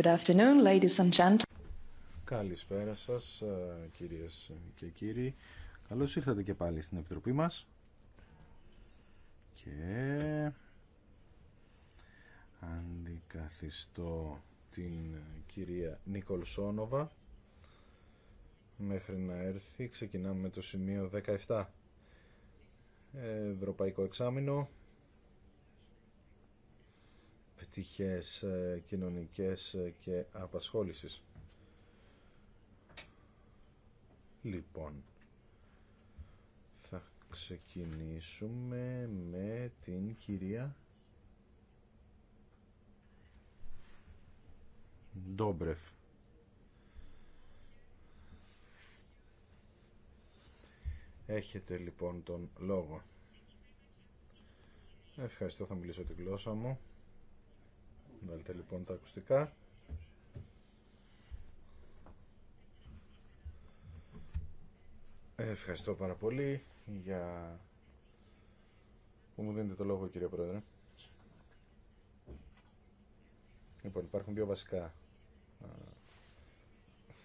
Good afternoon, ladies and gentlemen. Καλησπέρα σας, ε, κυρίες και κύριοι. Καλώς ήρθατε και πάλι στην Επιτροπή μας. Και αντικαθιστώ την κυρία Νικολσόνοβα. Μέχρι να έρθει, ξεκινάμε με το σημείο 17. Ευρωπαϊκό εξάμεινο, πτυχές ε, κοινωνικές ε, και απασχόλησης. Λοιπόν, θα ξεκινήσουμε με την κυρία Ντόμπρεφ. Έχετε λοιπόν τον λόγο. Ευχαριστώ, θα μιλήσω τη γλώσσα μου. Βάλτε λοιπόν τα ακουστικά. Ε, ευχαριστώ πάρα πολύ για που μου δίνετε το λόγο κύριε Πρόεδρε. Λοιπόν, υπάρχουν δύο βασικά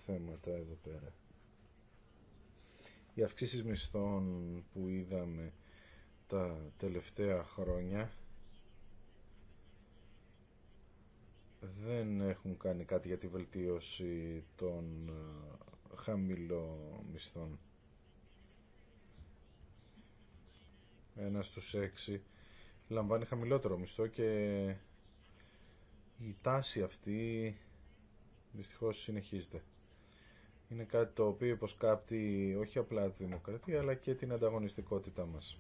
θέματα εδώ πέρα. Οι αυξήσεις μισθών που είδαμε τα τελευταία χρόνια δεν έχουν κάνει κάτι για τη βελτίωση των ε, μισθών, Ένα στους έξι λαμβάνει χαμηλότερο μισθό και η τάση αυτή δυστυχώς συνεχίζεται. Είναι κάτι το οποίο υποσκάπτει όχι απλά τη δημοκρατία αλλά και την ανταγωνιστικότητά μας.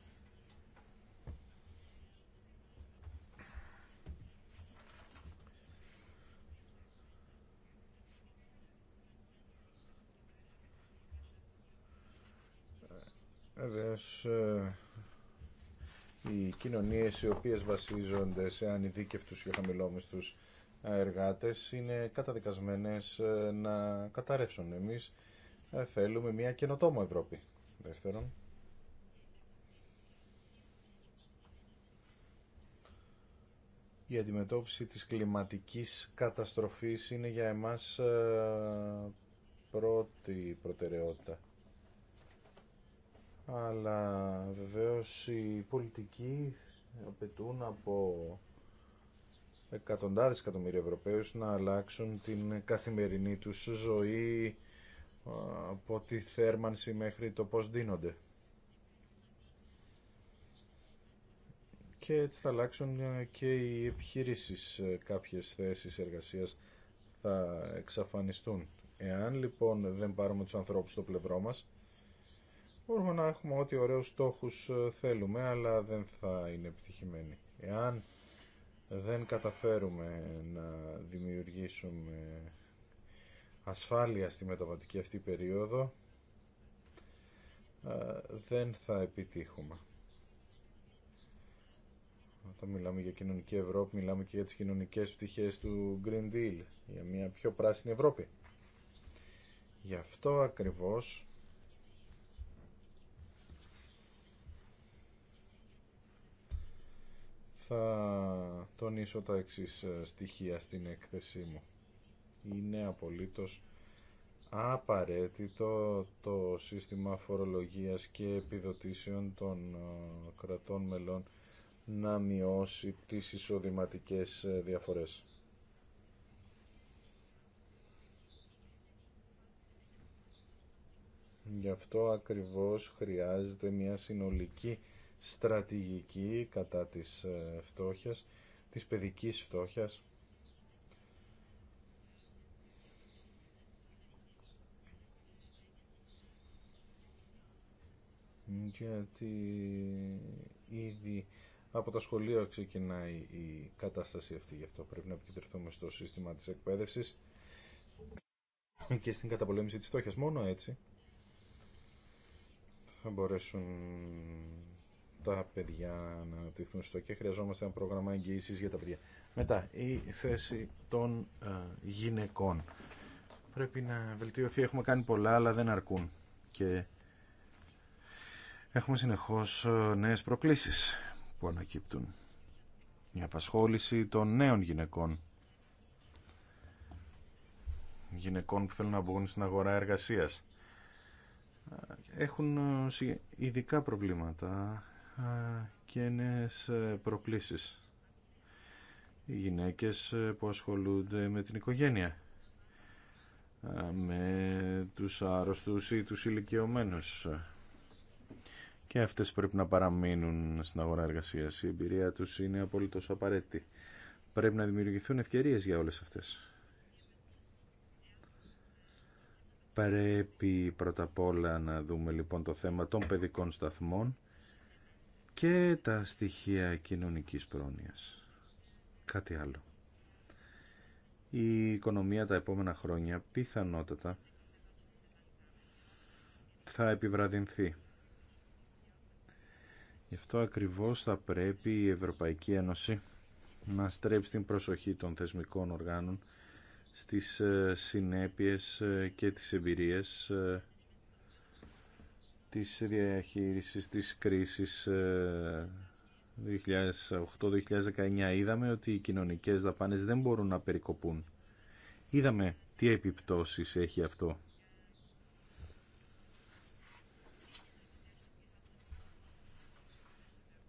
Βεβαίως, ε, οι κοινωνίες οι οποίες βασίζονται σε ανειδίκευτους και χαμηλόμιστους ε, εργάτες είναι καταδικασμένες ε, να καταρρεύσουν. Εμείς θέλουμε μια καινοτόμο Ευρώπη. Δεύτερον, η αντιμετώπιση της κλιματικής καταστροφής είναι για εμάς πρώτη προτεραιότητα αλλά βεβαίως οι πολιτικοί απαιτούν από εκατοντάδες εκατομμύρια Ευρωπαίους να αλλάξουν την καθημερινή τους ζωή από τη θέρμανση μέχρι το πώς δίνονται. Και έτσι θα αλλάξουν και οι επιχειρήσεις κάποιες θέσεις εργασίας θα εξαφανιστούν. Εάν λοιπόν δεν πάρουμε τους ανθρώπους στο πλευρό μας, Μπορούμε να έχουμε ό,τι ωραίους στόχους ε, θέλουμε, αλλά δεν θα είναι επιτυχημένοι. Εάν δεν καταφέρουμε να δημιουργήσουμε ασφάλεια στη μεταβατική αυτή περίοδο, ε, δεν θα επιτύχουμε. Όταν μιλάμε για κοινωνική Ευρώπη, μιλάμε και για τις κοινωνικές πτυχές του Green Deal, για μια πιο πράσινη Ευρώπη. Γι' αυτό ακριβώς θα τονίσω τα εξής ε, στοιχεία στην έκθεσή μου. Είναι απολύτως απαραίτητο το σύστημα φορολογίας και επιδοτήσεων των ε, κρατών μελών να μειώσει τις εισοδηματικές ε, διαφορές. Γι' αυτό ακριβώς χρειάζεται μια συνολική στρατηγική κατά της ε, φτώχειας, της παιδικής φτώχειας. γιατί ήδη από τα σχολεία ξεκινάει η κατάσταση αυτή, γι' αυτό πρέπει να επικεντρωθούμε στο σύστημα της εκπαίδευσης και στην καταπολέμηση της φτώχειας. Μόνο έτσι θα μπορέσουν τα παιδιά να αναπτυχθούν στο και χρειαζόμαστε ένα πρόγραμμα εγγύησης για τα παιδιά. Μετά, η θέση των ε, γυναικών. Πρέπει να βελτιωθεί. Έχουμε κάνει πολλά, αλλά δεν αρκούν. Και έχουμε συνεχώς ε, νέες προκλήσεις που ανακύπτουν. Η απασχόληση των νέων γυναικών. Γυναικών που θέλουν να μπουν στην αγορά εργασίας ε, έχουν ειδικά προβλήματα και νέες ε, προκλήσεις. Οι γυναίκες ε, που ασχολούνται με την οικογένεια, με τους άρρωστους ή τους ηλικιωμένους. Και αυτές πρέπει να παραμείνουν στην αγορά εργασίας. Η εμπειρία τους είναι απολύτως απαραίτητη. Πρέπει να δημιουργηθούν ευκαιρίες για όλες αυτές. Πρέπει πρώτα απ' όλα να δούμε λοιπόν το θέμα των παιδικών σταθμών και τα στοιχεία κοινωνικής πρόνοιας. Κάτι άλλο. Η οικονομία τα επόμενα χρόνια πιθανότατα θα επιβραδυνθεί. Γι' αυτό ακριβώς θα πρέπει η Ευρωπαϊκή Ένωση να στρέψει την προσοχή των θεσμικών οργάνων στις ε, συνέπειες ε, και τις εμπειρίες ε, της διαχείρισης της κρίσης 2008-2019 ε, είδαμε ότι οι κοινωνικές δαπάνες δεν μπορούν να περικοπούν. Είδαμε τι επιπτώσεις έχει αυτό.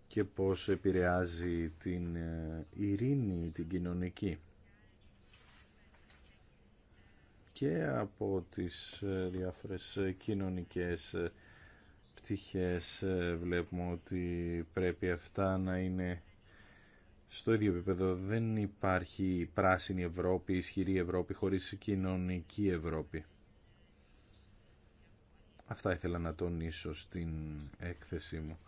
και πώς επηρεάζει την ε, ειρήνη, την κοινωνική. Και από τις ε, διάφορες κοινωνικές πτυχές ε, βλέπουμε ότι πρέπει αυτά να είναι στο ίδιο επίπεδο. Δεν υπάρχει πράσινη Ευρώπη, ισχυρή Ευρώπη χωρίς κοινωνική Ευρώπη. Αυτά ήθελα να τονίσω στην έκθεσή μου.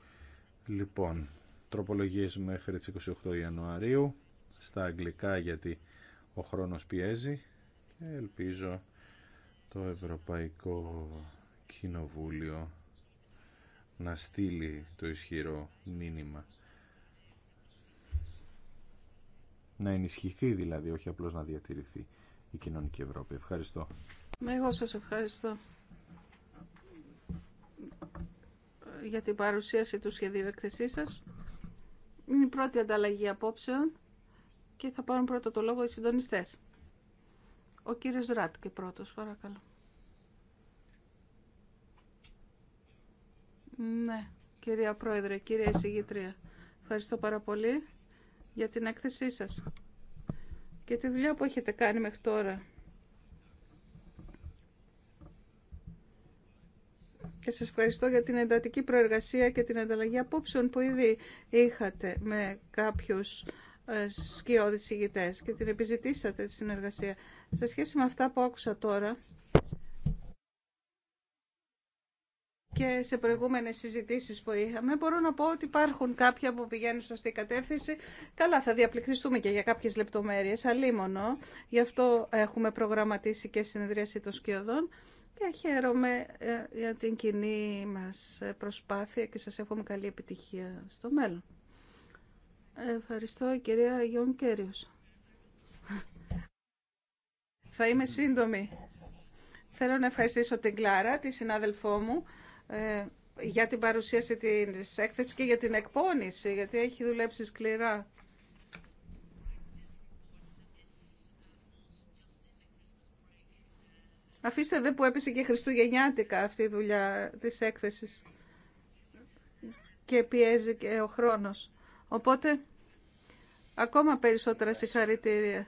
Λοιπόν, τροπολογίες μέχρι τις 28 Ιανουαρίου, στα αγγλικά γιατί ο χρόνος πιέζει και ελπίζω το Ευρωπαϊκό Κοινοβούλιο να στείλει το ισχυρό μήνυμα. Να ενισχυθεί δηλαδή, όχι απλώς να διατηρηθεί η κοινωνική Ευρώπη. Ευχαριστώ. Ναι, εγώ σας ευχαριστώ για την παρουσίαση του σχεδίου έκθεσή σας. Είναι η πρώτη ανταλλαγή απόψεων και θα πάρουν πρώτο το λόγο οι συντονιστές. Ο κύριος Ράτκε πρώτος, παρακαλώ. Ναι, κυρία Πρόεδρε, κυρία Εισηγήτρια, ευχαριστώ πάρα πολύ για την έκθεσή σας και τη δουλειά που έχετε κάνει μέχρι τώρα. Και σας ευχαριστώ για την εντατική προεργασία και την ανταλλαγή απόψεων που ήδη είχατε με κάποιους ε, σκιώδεις ηγητές και την επιζητήσατε τη συνεργασία. Σε σχέση με αυτά που άκουσα τώρα, και σε προηγούμενες συζητήσεις που είχαμε, μπορώ να πω ότι υπάρχουν κάποια που πηγαίνουν σωστή κατεύθυνση. Καλά, θα διαπληκτιστούμε και για κάποιες λεπτομέρειες, αλίμονο. Γι' αυτό έχουμε προγραμματίσει και συνεδρίαση των σκιωδών. Και χαίρομαι ε, για την κοινή μας προσπάθεια και σας εύχομαι καλή επιτυχία στο μέλλον. Ευχαριστώ, κυρία Γιον Κέριος. Θα είμαι σύντομη. Θέλω να ευχαριστήσω την Κλάρα, τη συνάδελφό μου, ε, για την παρουσίαση της έκθεση και για την εκπόνηση, γιατί έχει δουλέψει σκληρά. Αφήστε δε που έπεσε και χριστουγεννιάτικα αυτή η δουλειά της έκθεσης και πιέζει και ο χρόνος. Οπότε, ακόμα περισσότερα συγχαρητήρια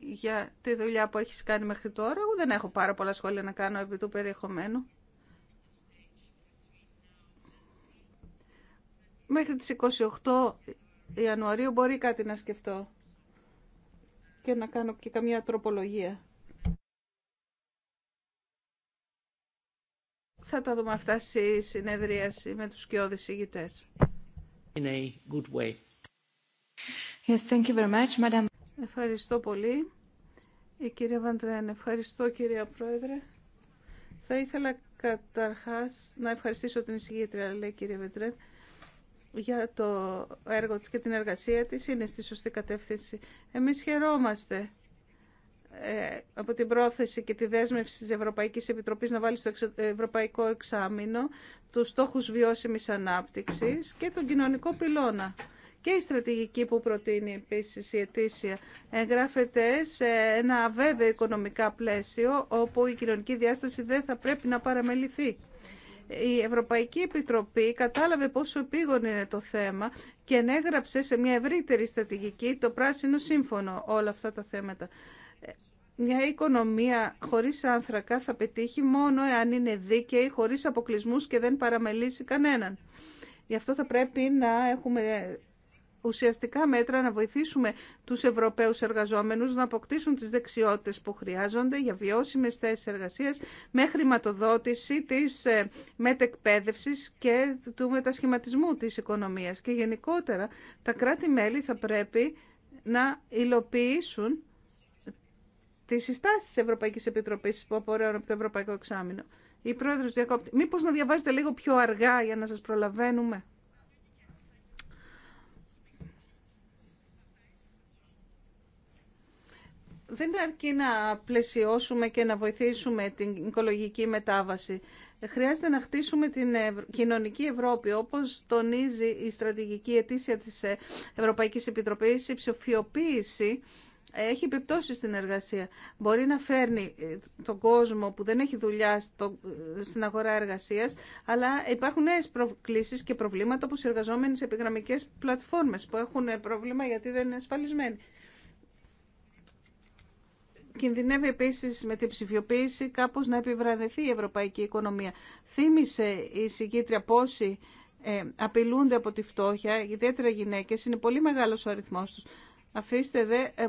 για τη δουλειά που έχεις κάνει μέχρι τώρα. Εγώ δεν έχω πάρα πολλά σχόλια να κάνω επί του περιεχομένου. Μέχρι τις 28 Ιανουαρίου μπορεί κάτι να σκεφτώ και να κάνω και καμία τροπολογία. Θα τα δούμε αυτά στη συνεδρίαση με τους κοιόδης ηγητές. In a good way. Yes, thank you very much, Madam. Ευχαριστώ πολύ. Η κυρία Βαντρέν, ευχαριστώ κυρία Πρόεδρε. Θα ήθελα καταρχάς να ευχαριστήσω την εισηγήτρια, λέει κυρία Βεντρέν, για το έργο της και την εργασία της είναι στη σωστή κατεύθυνση. Εμείς χαιρόμαστε ε, από την πρόθεση και τη δέσμευση της Ευρωπαϊκής Επιτροπής να βάλει στο Ευρωπαϊκό Εξάμεινο τους στόχους βιώσιμης ανάπτυξης και τον κοινωνικό πυλώνα. Και η στρατηγική που προτείνει επίση η ετήσια εγγράφεται σε ένα αβέβαιο οικονομικά πλαίσιο όπου η κοινωνική διάσταση δεν θα πρέπει να παραμεληθεί η Ευρωπαϊκή Επιτροπή κατάλαβε πόσο επίγον είναι το θέμα και ενέγραψε σε μια ευρύτερη στρατηγική το Πράσινο Σύμφωνο όλα αυτά τα θέματα. Μια οικονομία χωρίς άνθρακα θα πετύχει μόνο εάν είναι δίκαιη, χωρίς αποκλεισμούς και δεν παραμελήσει κανέναν. Γι' αυτό θα πρέπει να έχουμε ουσιαστικά μέτρα να βοηθήσουμε τους Ευρωπαίους εργαζόμενους να αποκτήσουν τις δεξιότητες που χρειάζονται για βιώσιμες θέσεις εργασίας με χρηματοδότηση της ε, μετεκπαίδευσης και του μετασχηματισμού της οικονομίας. Και γενικότερα τα κράτη-μέλη θα πρέπει να υλοποιήσουν τις συστάσεις τη Ευρωπαϊκής Επιτροπής που απορρέουν από το Ευρωπαϊκό Εξάμεινο. Η πρόεδρος διακόπτη. Μήπως να διαβάζετε λίγο πιο αργά για να σα προλαβαίνουμε. δεν αρκεί να πλαισιώσουμε και να βοηθήσουμε την οικολογική μετάβαση. Χρειάζεται να χτίσουμε την κοινωνική Ευρώπη, όπως τονίζει η στρατηγική αιτήσια της ε- Ευρωπαϊκής Επιτροπής, η ψηφιοποίηση έχει επιπτώσει στην εργασία. Μπορεί να φέρνει ε, τον κόσμο που δεν έχει δουλειά ε, στην αγορά εργασίας, αλλά υπάρχουν νέε προκλήσεις και προβλήματα που οι εργαζόμενοι σε επιγραμμικές πλατφόρμες που έχουν πρόβλημα γιατί δεν είναι ασφαλισμένοι. Κινδυνεύει επίσης με την ψηφιοποίηση κάπως να επιβραδεθεί η ευρωπαϊκή οικονομία. Θύμησε η συγκήτρια πόσοι ε, απειλούνται από τη φτώχεια, ιδιαίτερα γυναίκες, είναι πολύ μεγάλος ο αριθμός τους. Αφήστε δε, ε,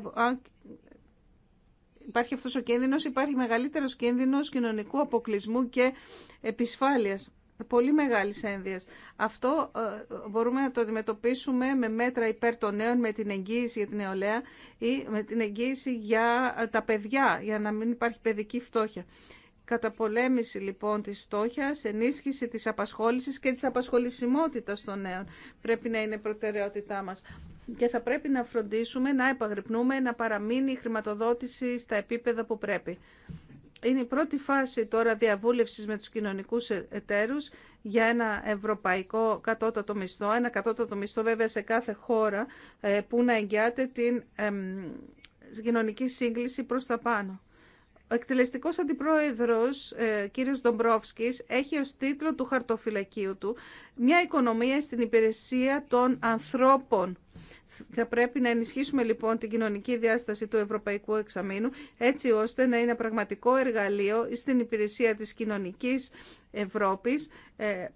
υπάρχει αυτός ο κίνδυνος, υπάρχει μεγαλύτερος κίνδυνος κοινωνικού αποκλεισμού και επισφάλειας πολύ μεγάλης ένδυας. Αυτό ε, μπορούμε να το αντιμετωπίσουμε με μέτρα υπέρ των νέων, με την εγγύηση για την νεολαία ή με την εγγύηση για ε, τα παιδιά, για να μην υπάρχει παιδική φτώχεια. Καταπολέμηση λοιπόν της φτώχειας, ενίσχυση της απασχόλησης και της απασχολησιμότητας των νέων πρέπει να είναι προτεραιότητά μας. Και θα πρέπει να φροντίσουμε, να επαγρυπνούμε, να παραμείνει η χρηματοδότηση στα επίπεδα που πρέπει. Είναι η πρώτη φάση τώρα διαβούλευσης με τους κοινωνικούς ε, εταίρους για ένα ευρωπαϊκό κατώτατο μισθό, ένα κατώτατο μισθό βέβαια σε κάθε χώρα ε, που να εγγυάται την κοινωνική σύγκληση προς τα πάνω. Ο εκτελεστικός αντιπρόεδρος, ε, κύριος Ντομπρόφσκης, έχει ως τίτλο του χαρτοφυλακίου του «Μια οικονομία στην υπηρεσία των ανθρώπων». Θα πρέπει να ενισχύσουμε λοιπόν την κοινωνική διάσταση του Ευρωπαϊκού Εξαμήνου έτσι ώστε να είναι πραγματικό εργαλείο στην υπηρεσία της κοινωνικής Ευρώπης ε,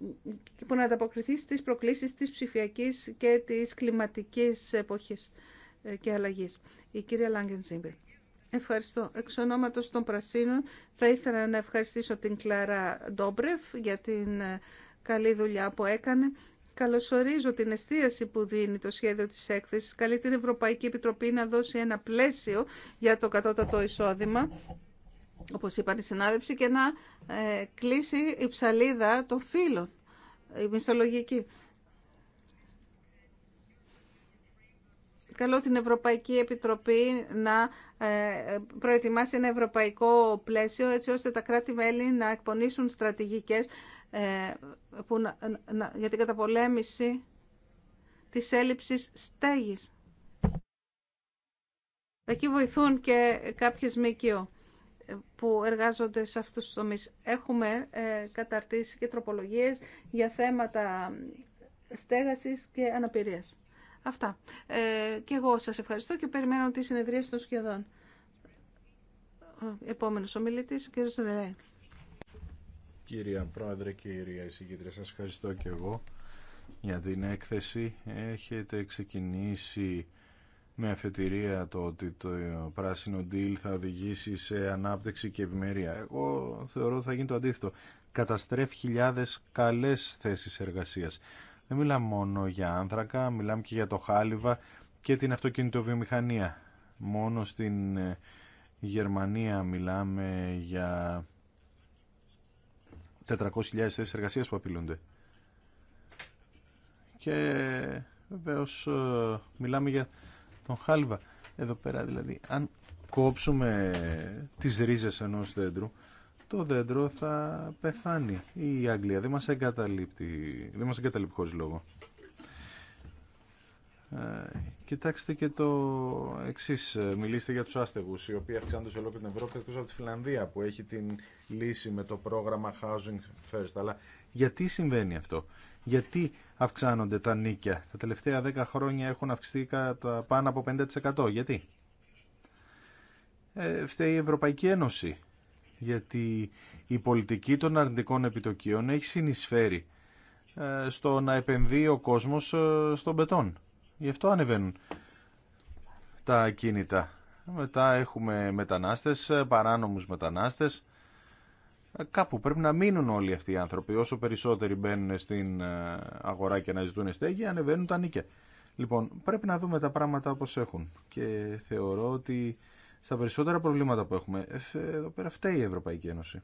που να ανταποκριθεί στις προκλήσεις της ψηφιακής και της κλιματικής εποχής ε, και αλλαγής. Η κυρία Λάγκεν Ζήμπερ. Ευχαριστώ. Εξ ονόματος των Πρασίνων θα ήθελα να ευχαριστήσω την Κλάρα Ντόμπρεφ για την ε, καλή δουλειά που έκανε Καλωσορίζω την εστίαση που δίνει το σχέδιο της έκθεσης. Καλεί την Ευρωπαϊκή Επιτροπή να δώσει ένα πλαίσιο για το κατώτατο εισόδημα, όπως είπαν οι συνάδελφοι, και να ε, κλείσει η ψαλίδα των φύλων, η μισθολογική. Καλό την Ευρωπαϊκή Επιτροπή να ε, προετοιμάσει ένα ευρωπαϊκό πλαίσιο έτσι ώστε τα κράτη-μέλη να εκπονήσουν στρατηγικές ε, που να, για την καταπολέμηση της έλλειψης στέγης. Εκεί βοηθούν και κάποιες ΜΚΟ που εργάζονται σε αυτούς τους τομείς. Έχουμε ε, καταρτήσει και τροπολογίες για θέματα στέγασης και αναπηρίας. Αυτά. Ε, και εγώ σας ευχαριστώ και περιμένω τη συνεδρίαση των σχεδόν. Επόμενος ομιλητής, ο κ. Κυρία Πρόεδρε, κυρία Εισηγήτρια, σας ευχαριστώ και εγώ για την έκθεση. Έχετε ξεκινήσει με αφετηρία το ότι το πράσινο deal θα οδηγήσει σε ανάπτυξη και ευημερία. Εγώ θεωρώ ότι θα γίνει το αντίθετο. Καταστρέφει χιλιάδες καλές θέσεις εργασίας. Δεν μιλάμε μόνο για άνθρακα, μιλάμε και για το χάλιβα και την αυτοκινητοβιομηχανία. Μόνο στην ε, Γερμανία μιλάμε για 400.000 θέσεις εργασίας που απειλούνται. Και βεβαίω ε, μιλάμε για τον Χάλβα. Εδώ πέρα δηλαδή, αν κόψουμε τις ρίζες ενός δέντρου, το δέντρο θα πεθάνει. Η Αγγλία δεν μας εγκαταλείπει, δεν μας χωρίς λόγο. Ε, κοιτάξτε και το εξή. Ε, μιλήστε για του άστεγου, οι οποίοι αυξάνονται σε ολόκληρη την Ευρώπη, εκτό από τη Φιλανδία που έχει την λύση με το πρόγραμμα Housing First. Αλλά γιατί συμβαίνει αυτό, γιατί αυξάνονται τα νίκια. Τα τελευταία 10 χρόνια έχουν αυξηθεί κατά πάνω από 50%. Γιατί. Ε, φταίει η Ευρωπαϊκή Ένωση. Γιατί η πολιτική των αρνητικών επιτοκίων έχει συνεισφέρει ε, στο να επενδύει ο κόσμος στον πετόν. Γι' αυτό ανεβαίνουν τα ακίνητα. Μετά έχουμε μετανάστες, παράνομους μετανάστες. Κάπου πρέπει να μείνουν όλοι αυτοί οι άνθρωποι. Όσο περισσότεροι μπαίνουν στην ε, αγορά και να ζητούν στέγη, ανεβαίνουν τα νίκια. Λοιπόν, πρέπει να δούμε τα πράγματα όπως έχουν. Και θεωρώ ότι στα περισσότερα προβλήματα που έχουμε, εδώ πέρα φταίει η Ευρωπαϊκή Ένωση.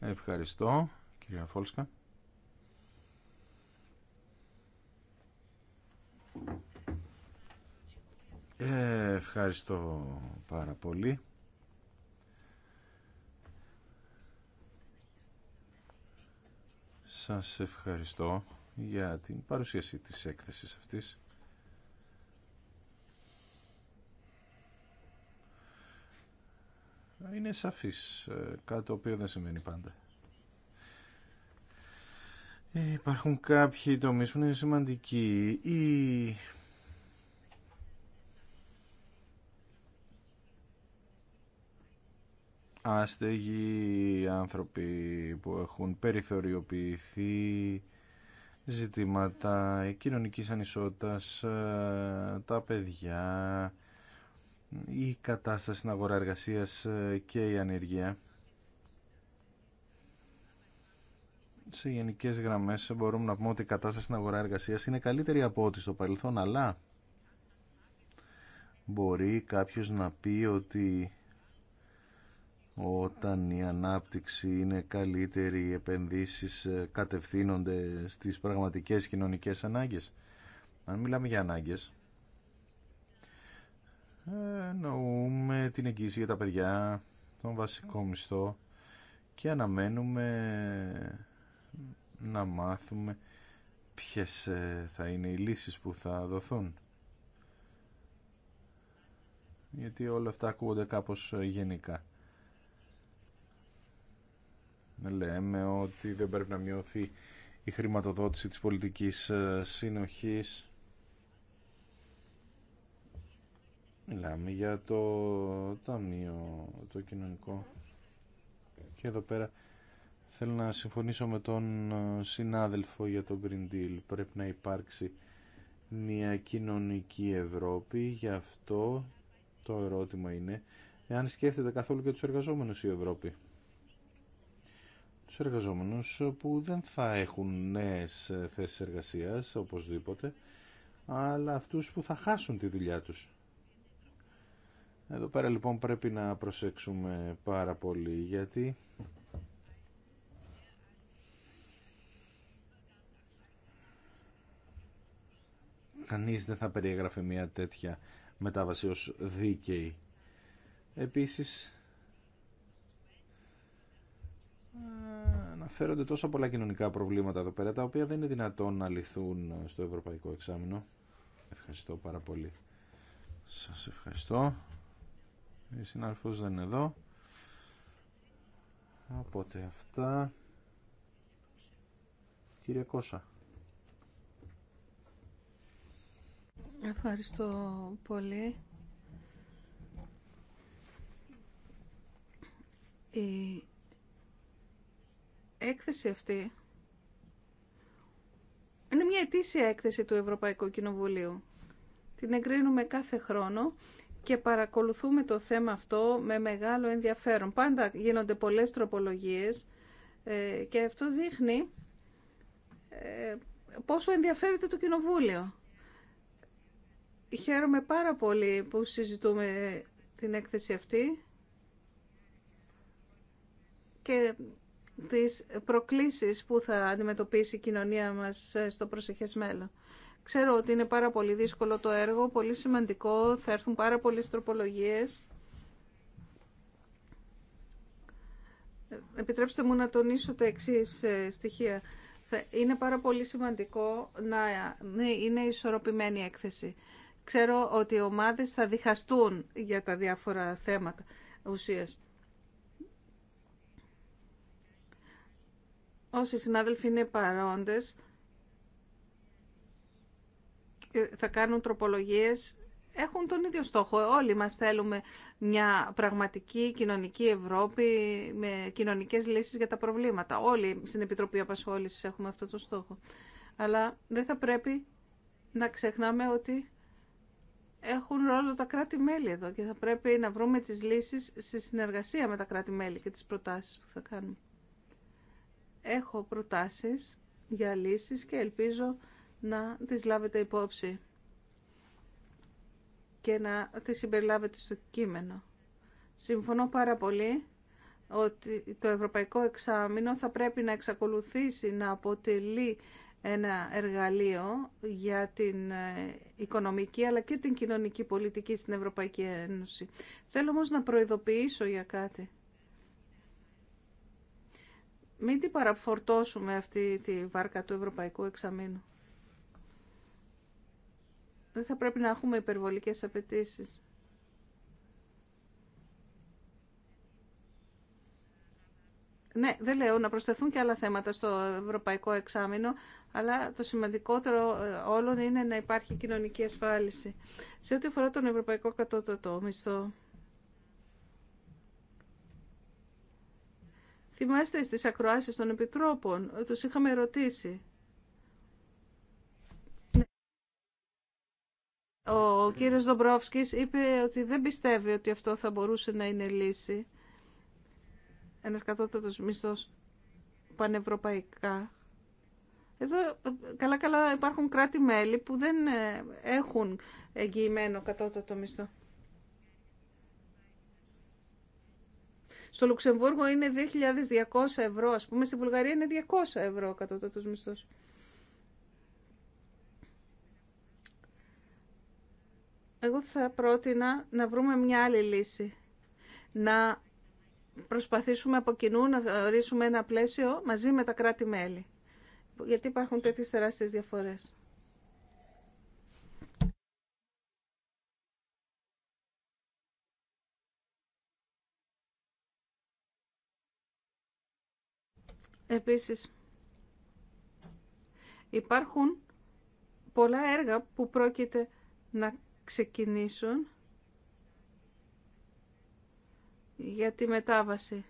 Ευχαριστώ, κυρία Φόλσκα. Ε, ευχαριστώ πάρα πολύ. Σας ευχαριστώ για την παρουσίαση της έκθεσης αυτής. Είναι σαφής, ε, κάτι το οποίο δεν σημαίνει πάντα. Ε, υπάρχουν κάποιοι τομείς που είναι σημαντικοί. Η άστεγοι, άνθρωποι που έχουν περιθωριοποιηθεί, ζητήματα κοινωνικής ανισότητας, ε, τα παιδιά, η κατάσταση στην αγορά εργασίας ε, και η ανεργία. Σε γενικές γραμμές μπορούμε να πούμε ότι η κατάσταση στην αγορά εργασίας είναι καλύτερη από ό,τι στο παρελθόν, αλλά μπορεί κάποιος να πει ότι όταν η ανάπτυξη είναι καλύτερη, οι επενδύσεις ε, κατευθύνονται στις πραγματικές κοινωνικές ανάγκες. Αν μιλάμε για ανάγκες, εννοούμε την εγγύηση για τα παιδιά, τον βασικό μισθό και αναμένουμε να μάθουμε ποιες ε, θα είναι οι λύσεις που θα δοθούν. Γιατί όλα αυτά ακούγονται κάπως ε, γενικά λέμε ότι δεν πρέπει να μειωθεί η χρηματοδότηση της πολιτικής ε, συνοχής. Μιλάμε για το ταμείο, το κοινωνικό. Και εδώ πέρα θέλω να συμφωνήσω με τον ε, συνάδελφο για τον Green Deal. Πρέπει να υπάρξει μια κοινωνική Ευρώπη. Γι' αυτό το ερώτημα είναι εάν σκέφτεται καθόλου και τους εργαζόμενους η Ευρώπη τους εργαζόμενους που δεν θα έχουν νέες θέσεις εργασίας οπωσδήποτε αλλά αυτούς που θα χάσουν τη δουλειά τους. Εδώ πέρα λοιπόν πρέπει να προσέξουμε πάρα πολύ γιατί κανείς δεν θα περιέγραφε μια τέτοια μετάβαση ως δίκαιη. Επίσης ε, αναφέρονται τόσα πολλά κοινωνικά προβλήματα εδώ πέρα, τα οποία δεν είναι δυνατόν να λυθούν στο Ευρωπαϊκό Εξάμεινο. Ευχαριστώ πάρα πολύ. Σας ευχαριστώ. Η συναρφός δεν είναι εδώ. Οπότε αυτά. Κύριε Κώσα. Ευχαριστώ πολύ. Η έκθεση αυτή είναι μια ετήσια έκθεση του Ευρωπαϊκού Κοινοβουλίου. Την εγκρίνουμε κάθε χρόνο και παρακολουθούμε το θέμα αυτό με μεγάλο ενδιαφέρον. Πάντα γίνονται πολλές τροπολογίες ε, και αυτό δείχνει ε, πόσο ενδιαφέρεται το Κοινοβούλιο. Χαίρομαι πάρα πολύ που συζητούμε την έκθεση αυτή και τις προκλήσεις που θα αντιμετωπίσει η κοινωνία μας ε, στο προσεχές μέλλον. Ξέρω ότι είναι πάρα πολύ δύσκολο το έργο, πολύ σημαντικό, θα έρθουν πάρα πολλέ τροπολογίες. Επιτρέψτε μου να τονίσω τα εξή ε, στοιχεία. Είναι πάρα πολύ σημαντικό να ναι, είναι ισορροπημένη η έκθεση. Ξέρω ότι οι ομάδες θα διχαστούν για τα διάφορα θέματα ουσίας. Όσοι συνάδελφοι είναι παρόντες, ε, θα κάνουν τροπολογίες έχουν τον ίδιο στόχο. Όλοι μας θέλουμε μια πραγματική κοινωνική Ευρώπη με κοινωνικές λύσεις για τα προβλήματα. Όλοι στην Επιτροπή Απασχόλησης έχουμε αυτό το στόχο. Αλλά δεν θα πρέπει να ξεχνάμε ότι έχουν ρόλο τα κράτη-μέλη εδώ και θα πρέπει να βρούμε τις λύσεις σε συνεργασία με τα κράτη-μέλη και τις προτάσεις που θα κάνουμε έχω προτάσεις για λύσεις και ελπίζω να τις λάβετε υπόψη και να τις συμπεριλάβετε στο κείμενο. Συμφωνώ πάρα πολύ ότι το Ευρωπαϊκό Εξάμεινο θα πρέπει να εξακολουθήσει να αποτελεί ένα εργαλείο για την ε, οικονομική αλλά και την κοινωνική πολιτική στην Ευρωπαϊκή Ένωση. Θέλω όμως να προειδοποιήσω για κάτι μην την παραφορτώσουμε αυτή τη βάρκα του Ευρωπαϊκού Εξαμήνου. Δεν θα πρέπει να έχουμε υπερβολικές απαιτήσει. Ναι, δεν λέω να προσθεθούν και άλλα θέματα στο Ευρωπαϊκό Εξάμεινο, αλλά το σημαντικότερο ε, όλων είναι να υπάρχει κοινωνική ασφάλιση. Σε ό,τι αφορά τον Ευρωπαϊκό Κατώτατο Μισθό, Θυμάστε στις ακροάσεις των επιτρόπων, τους είχαμε ρωτήσει. Ο κύριος Δομπρόφσκης είπε ότι δεν πιστεύει ότι αυτό θα μπορούσε να είναι λύση. Ένας κατώτατος μισθός πανευρωπαϊκά. Εδώ καλά καλά υπάρχουν κράτη-μέλη που δεν ε, έχουν εγγυημένο κατώτατο μισθό. Στο Λουξεμβούργο είναι 2.200 ευρώ, Α πούμε, στη Βουλγαρία είναι 200 ευρώ κατώτατο μισθό. Εγώ θα πρότεινα να βρούμε μια άλλη λύση. Να προσπαθήσουμε από κοινού να ορίσουμε ένα πλαίσιο μαζί με τα κράτη-μέλη. Γιατί υπάρχουν τέτοιες τεράστιες διαφορές. Επίσης, υπάρχουν πολλά έργα που πρόκειται να ξεκινήσουν για τη μετάβαση.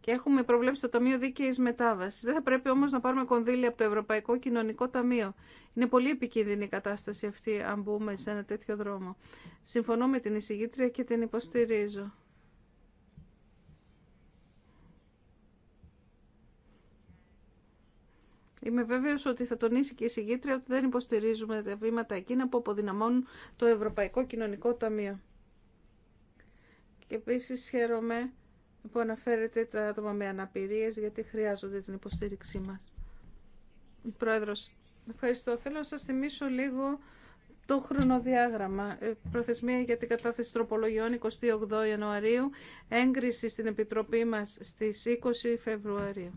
Και έχουμε προβλέψει το Ταμείο Δίκαιης Μετάβασης. Δεν θα πρέπει όμως να πάρουμε κονδύλια από το Ευρωπαϊκό Κοινωνικό Ταμείο. Είναι πολύ επικίνδυνη η κατάσταση αυτή αν μπούμε σε ένα τέτοιο δρόμο. Συμφωνώ με την εισηγήτρια και την υποστηρίζω. Είμαι βέβαιος ότι θα τονίσει και η συγγήτρια ότι δεν υποστηρίζουμε τα βήματα εκείνα που αποδυναμώνουν το Ευρωπαϊκό Κοινωνικό Ταμείο. Και επίση χαίρομαι που αναφέρετε τα άτομα με αναπηρίε γιατί χρειάζονται την υποστήριξή μα. Πρόεδρο, ευχαριστώ. Θέλω να σα θυμίσω λίγο το χρονοδιάγραμμα. Ε, προθεσμία για την κατάθεση τροπολογιών 28 Ιανουαρίου, έγκριση στην Επιτροπή μας στις 20 Φεβρουαρίου.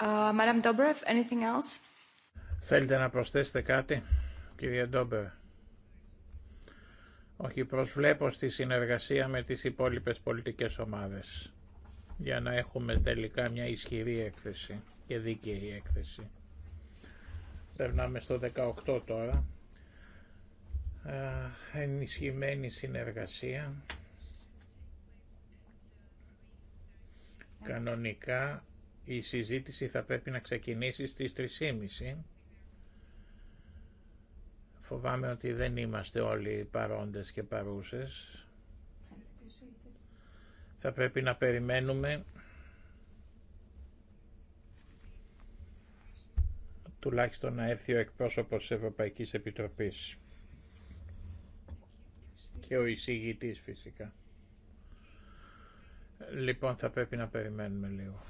Uh, Θέλετε να προσθέσετε κάτι, κυρία Ντόμπερ. Όχι, προσβλέπω στη συνεργασία με τις υπόλοιπες πολιτικές ομάδες για να έχουμε τελικά μια ισχυρή έκθεση και δίκαιη έκθεση. Περνάμε στο 18 τώρα. ενισχυμένη συνεργασία. Κανονικά η συζήτηση θα πρέπει να ξεκινήσει στις 3.30. Φοβάμαι ότι δεν είμαστε όλοι παρόντες και παρούσες. Θα πρέπει να περιμένουμε τουλάχιστον να έρθει ο εκπρόσωπος της Ευρωπαϊκής Επιτροπής και ο εισηγητής φυσικά. Λοιπόν, θα πρέπει να περιμένουμε λίγο.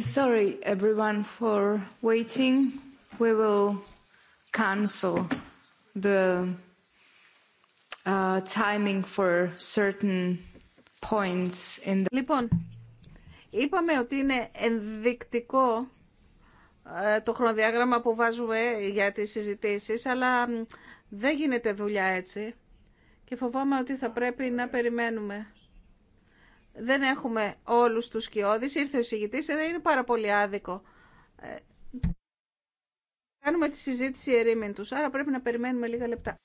sorry everyone for waiting. We will uh, for certain points in the... Λοιπόν, είπαμε ότι είναι ενδεικτικό ε, το χρονοδιάγραμμα που βάζουμε για τις συζητήσεις, αλλά δεν γίνεται δουλειά έτσι και φοβάμαι ότι θα πρέπει να περιμένουμε δεν έχουμε όλους τους σκιώδεις, ήρθε ο συγητής, δεν είναι πάρα πολύ άδικο. Ε, κάνουμε τη συζήτηση ερήμην τους, άρα πρέπει να περιμένουμε λίγα λεπτά.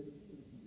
περιπτώσεις.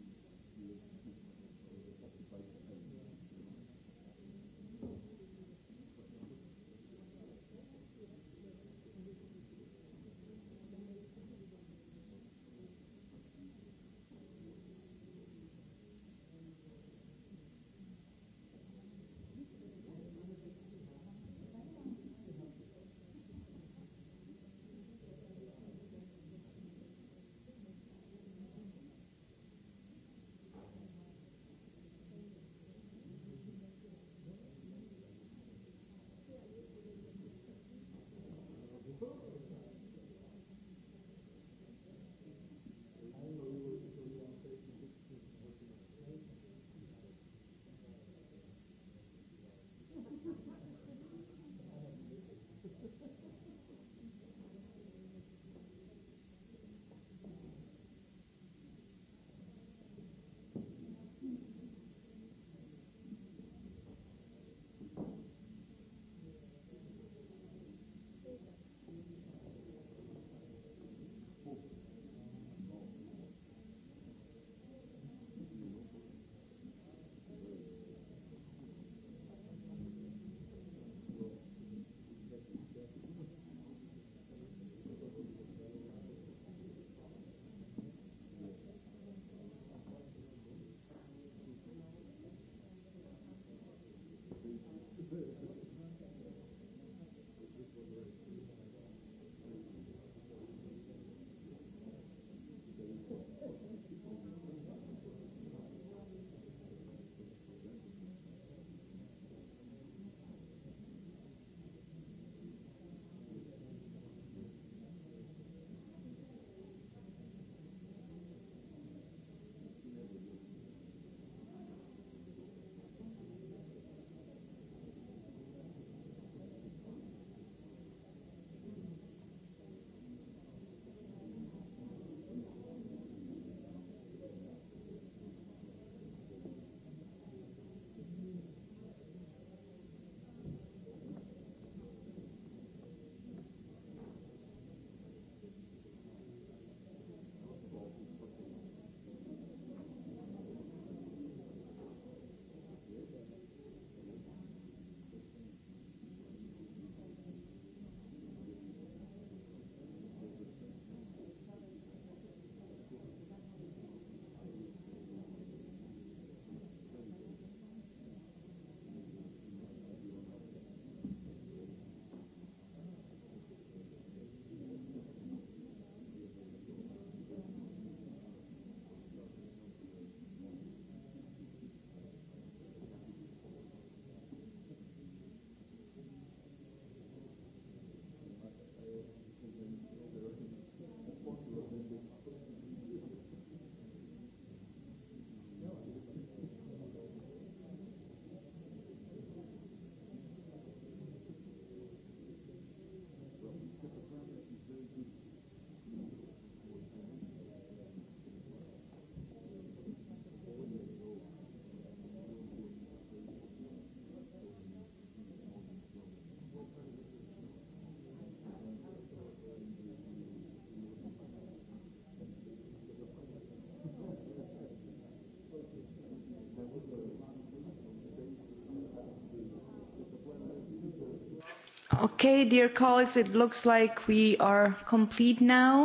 Okay, dear colleagues, it looks like we are complete now.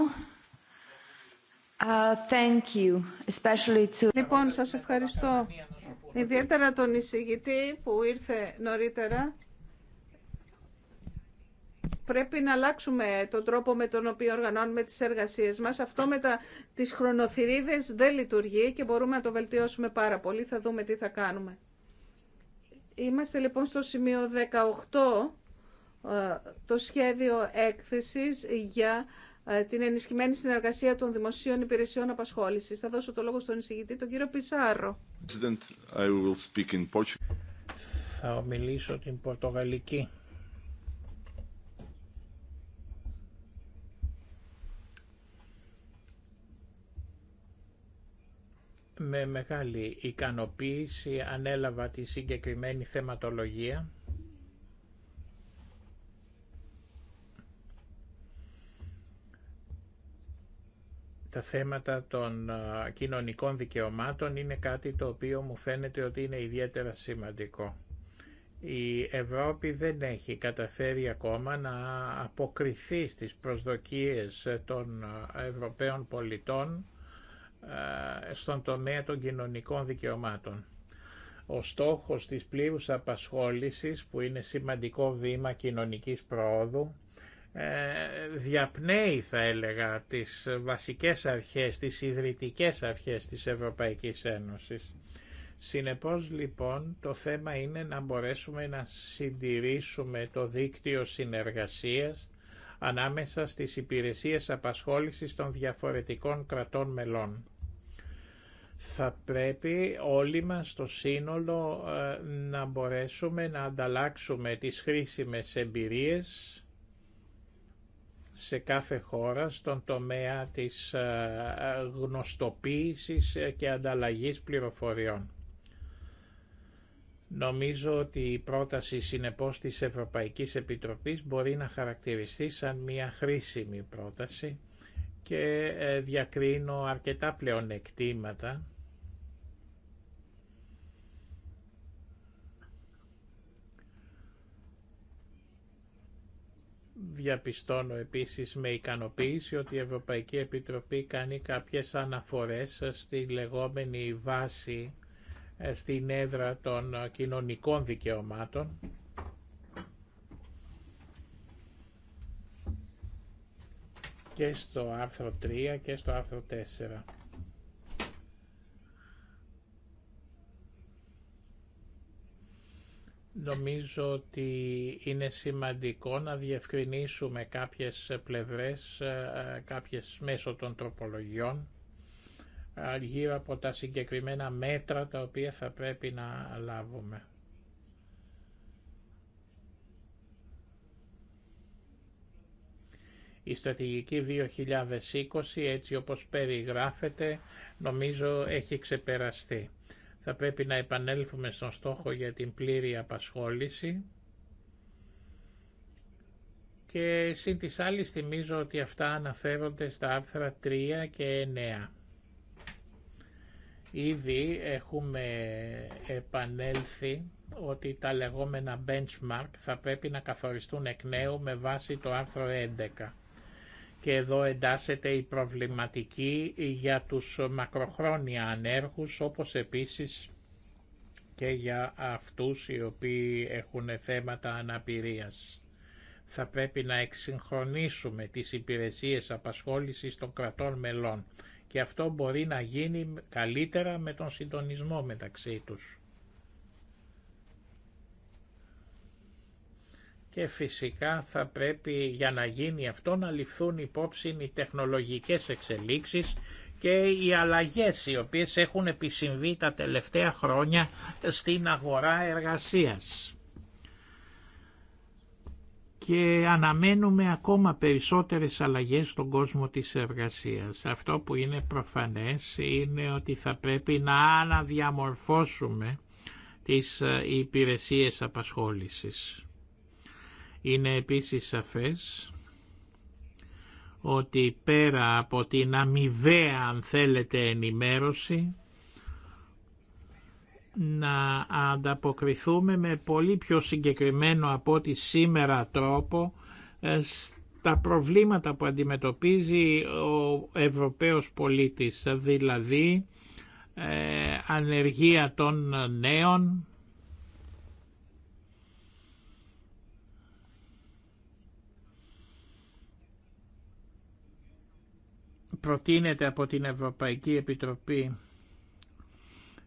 Uh, thank you, especially to... Λοιπόν, σας ευχαριστώ. Ιδιαίτερα τον εισηγητή που ήρθε νωρίτερα. Πρέπει να αλλάξουμε τον τρόπο με τον οποίο οργανώνουμε τις εργασίες μας. Αυτό με τα, τις χρονοθυρίδες δεν λειτουργεί και μπορούμε να το βελτιώσουμε πάρα πολύ. Θα δούμε τι θα κάνουμε. Είμαστε λοιπόν στο σημείο 18 ε, το σχέδιο έκθεσης για ε, την ενισχυμένη συνεργασία των δημοσίων υπηρεσιών απασχόλησης. Θα δώσω το λόγο στον εισηγητή, τον κύριο Πισάρο. Θα μιλήσω την Πορτογαλική. Με μεγάλη ικανοποίηση ανέλαβα τη συγκεκριμένη θεματολογία τα θέματα των κοινωνικών δικαιωμάτων είναι κάτι το οποίο μου φαίνεται ότι είναι ιδιαίτερα σημαντικό. Η Ευρώπη δεν έχει καταφέρει ακόμα να αποκριθεί στις προσδοκίες των Ευρωπαίων πολιτών στον τομέα των κοινωνικών δικαιωμάτων. Ο στόχος της πλήρους απασχόλησης που είναι σημαντικό βήμα κοινωνικής προόδου ε, διαπνέει θα έλεγα τις βασικές αρχές, τις ιδρυτικές αρχές της Ευρωπαϊκής Ένωσης. Συνεπώς λοιπόν το θέμα είναι να μπορέσουμε να συντηρήσουμε το δίκτυο συνεργασίας ανάμεσα στις υπηρεσίες απασχόλησης των διαφορετικών κρατών μελών. Θα πρέπει όλοι μας στο σύνολο ε, να μπορέσουμε να ανταλλάξουμε τις χρήσιμες εμπειρίες σε κάθε χώρα στον τομέα της ε, γνωστοποίησης ε, και ανταλλαγής πληροφοριών. Νομίζω ότι η πρόταση συνεπώς της Ευρωπαϊκής Επιτροπής μπορεί να χαρακτηριστεί σαν μια χρήσιμη πρόταση και ε, διακρίνω αρκετά πλεονεκτήματα Διαπιστώνω επίσης με ικανοποίηση ότι η Ευρωπαϊκή Επιτροπή κάνει κάποιες αναφορές στη λεγόμενη βάση ε, στην έδρα των κοινωνικών δικαιωμάτων και στο άρθρο 3 και στο άρθρο 4. Νομίζω ότι είναι σημαντικό να διευκρινίσουμε κάποιες πλευρές, ε, ε, κάποιες μέσω των τροπολογιών, ε, γύρω από τα συγκεκριμένα μέτρα τα οποία θα πρέπει να λάβουμε. Η στρατηγική 2020 έτσι όπως περιγράφεται νομίζω έχει ξεπεραστεί. Θα πρέπει να επανέλθουμε στον στόχο για την πλήρη απασχόληση και συν της άλλης θυμίζω ότι αυτά αναφέρονται στα άρθρα 3 και 9. Ήδη έχουμε επανέλθει ότι τα λεγόμενα benchmark θα πρέπει να καθοριστούν εκ νέου με βάση το άρθρο 11 και εδώ εντάσσεται η προβληματική για τους μακροχρόνια ανέργους όπως επίσης και για αυτούς οι οποίοι έχουν θέματα αναπηρίας. Θα πρέπει να εξυγχρονίσουμε τις υπηρεσίες απασχόλησης των κρατών μελών και αυτό μπορεί να γίνει καλύτερα με τον συντονισμό μεταξύ τους. και φυσικά θα πρέπει για να γίνει αυτό να ληφθούν υπόψη οι τεχνολογικές εξελίξεις και οι αλλαγές οι οποίες έχουν επισυμβεί τα τελευταία χρόνια στην αγορά εργασίας. Και αναμένουμε ακόμα περισσότερες αλλαγές στον κόσμο της εργασίας. Αυτό που είναι προφανές είναι ότι θα πρέπει να αναδιαμορφώσουμε τις ε, υπηρεσίες απασχόλησης. Είναι επίσης σαφές ότι πέρα από την αμοιβαία αν θέλετε ενημέρωση να ανταποκριθούμε με πολύ πιο συγκεκριμένο από ό,τι σήμερα τρόπο ε, στα προβλήματα που αντιμετωπίζει ο Ευρωπαίος πολίτης, δηλαδή ε, ανεργία των νέων, προτείνεται από την Ευρωπαϊκή Επιτροπή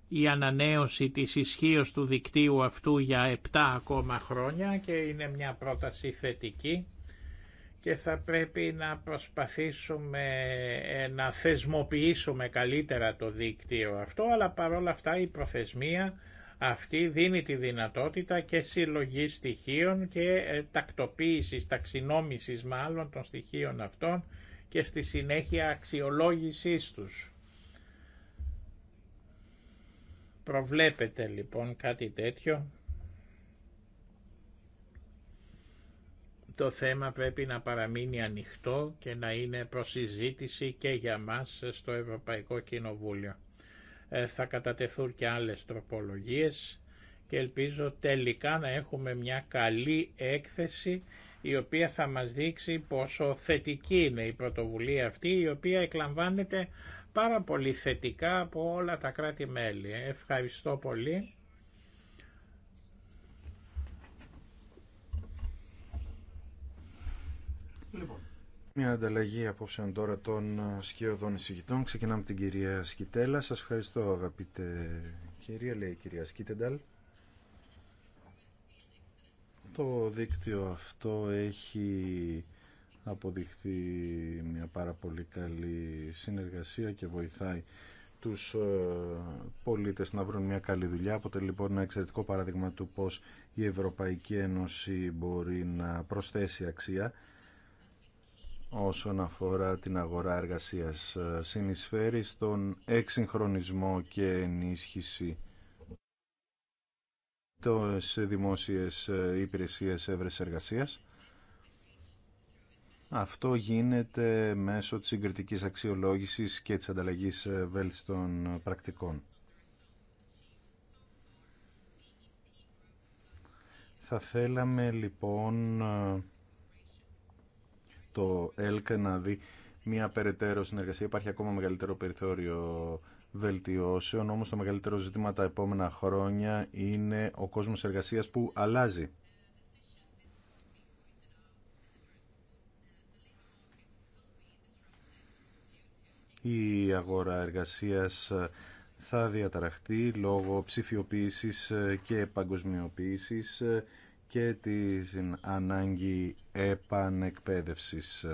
η ανανέωση της ισχύω του δικτύου αυτού για 7 ακόμα χρόνια και είναι μια πρόταση θετική και θα πρέπει να προσπαθήσουμε ε, να θεσμοποιήσουμε καλύτερα το δίκτυο αυτό, αλλά παρόλα αυτά η προθεσμία αυτή δίνει τη δυνατότητα και συλλογή στοιχείων και ε, τακτοποίησης, ταξινόμησης μάλλον των στοιχείων αυτών και στη συνέχεια αξιολόγησής τους. Προβλέπετε λοιπόν κάτι τέτοιο. Το θέμα πρέπει να παραμείνει ανοιχτό και να είναι προσυζήτηση και για μας στο Ευρωπαϊκό Κοινοβούλιο. Ε, θα κατατεθούν και άλλες τροπολογίες και ελπίζω τελικά να έχουμε μια καλή έκθεση η οποία θα μας δείξει πόσο θετική είναι η πρωτοβουλία αυτή, η οποία εκλαμβάνεται πάρα πολύ θετικά από όλα τα κράτη-μέλη. Ευχαριστώ πολύ. Λοιπόν. Μια ανταλλαγή απόψεων τώρα των ε, σκιωδών εισηγητών. Ξεκινάμε την κυρία Σκητέλα. Σας ευχαριστώ αγαπητέ κυρία, λέει η κυρία Σκίτενταλ. Το δίκτυο αυτό έχει αποδειχθεί μια πάρα πολύ καλή συνεργασία και βοηθάει τους ε, πολίτες να βρουν μια καλή δουλειά. Αποτελεί λοιπόν ένα εξαιρετικό παράδειγμα του πώς η Ευρωπαϊκή Ένωση μπορεί να προσθέσει αξία όσον αφορά την αγορά εργασίας. Ε, συνεισφέρει στον εξυγχρονισμό και ενίσχυση σε δημόσιες ε, υπηρεσίες έβρεση εργασίας. Αυτό γίνεται μέσω της συγκριτικής αξιολόγησης και της ανταλλαγής ε, βέλτιστων πρακτικών. Θα θέλαμε λοιπόν ε, το ΕΛΚ να δει μια περαιτέρω συνεργασία. Υπάρχει ακόμα μεγαλύτερο περιθώριο βελτιώσεων, όμως το μεγαλύτερο ζήτημα τα επόμενα χρόνια είναι ο κόσμος εργασίας που αλλάζει. Η αγορά εργασίας θα διαταραχτεί λόγω ψηφιοποίησης και παγκοσμιοποίησης και την ανάγκη επανεκπαίδευσης.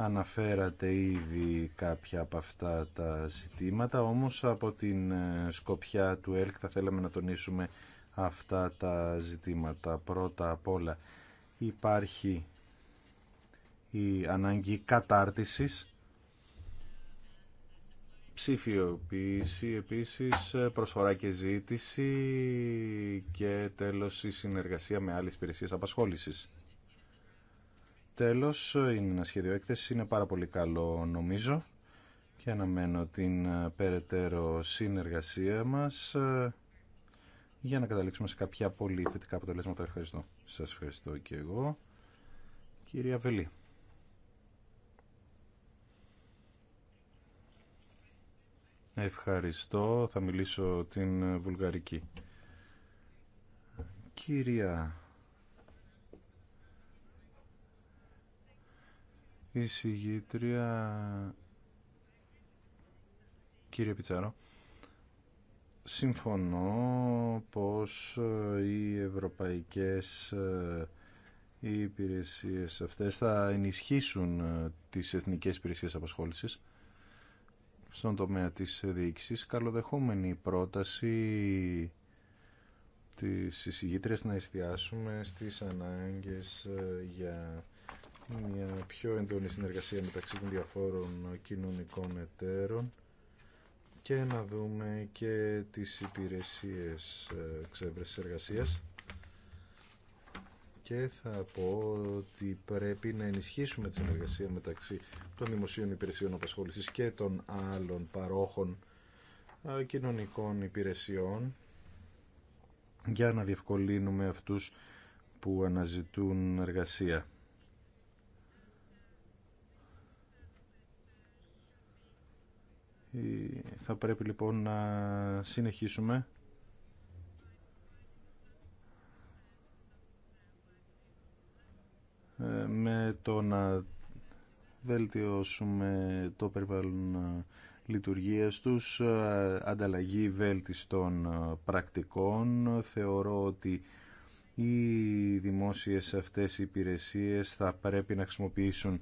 Αναφέρατε ήδη κάποια από αυτά τα ζητήματα, όμως από την ε, σκοπιά του ΕΛΚ θα θέλαμε να τονίσουμε αυτά τα ζητήματα. Πρώτα απ' όλα υπάρχει η ανάγκη κατάρτισης, ψηφιοποίηση, επίσης προσφορά και ζήτηση και τέλος η συνεργασία με άλλες υπηρεσίες απασχόλησης. Τέλος, είναι ένα σχέδιο έκθεση, είναι πάρα πολύ καλό νομίζω και αναμένω την ε, περαιτέρω συνεργασία μας ε, για να καταλήξουμε σε κάποια πολύ θετικά αποτελέσματα. Ευχαριστώ. Σας ευχαριστώ και εγώ. Κυρία Βελή. Ευχαριστώ. Θα μιλήσω την ε, βουλγαρική. Κυρία η κύριε Πιτσάρο συμφωνώ πως ε, οι ευρωπαϊκές ε, υπηρεσίες αυτές θα ενισχύσουν ε, τις εθνικές υπηρεσίες απασχόλησης στον τομέα της διοίκησης καλοδεχόμενη πρόταση της εισηγήτριας να εστιάσουμε στις ανάγκες για μια πιο έντονη συνεργασία μεταξύ των διαφόρων κοινωνικών εταίρων και να δούμε και τις υπηρεσίες ε, ξέβρεσης εργασίας και θα πω ότι πρέπει να ενισχύσουμε τη συνεργασία μεταξύ των δημοσίων υπηρεσιών απασχόλησης και των άλλων παρόχων ε, κοινωνικών υπηρεσιών για να διευκολύνουμε αυτούς που αναζητούν εργασία. Ε, θα πρέπει λοιπόν να συνεχίσουμε ε, με το να βελτιώσουμε το περιβάλλον ε, λειτουργίας τους, ανταλλαγή βέλτιστων πρακτικών. Θεωρώ ότι οι δημόσιες αυτές οι υπηρεσίες θα πρέπει να χρησιμοποιήσουν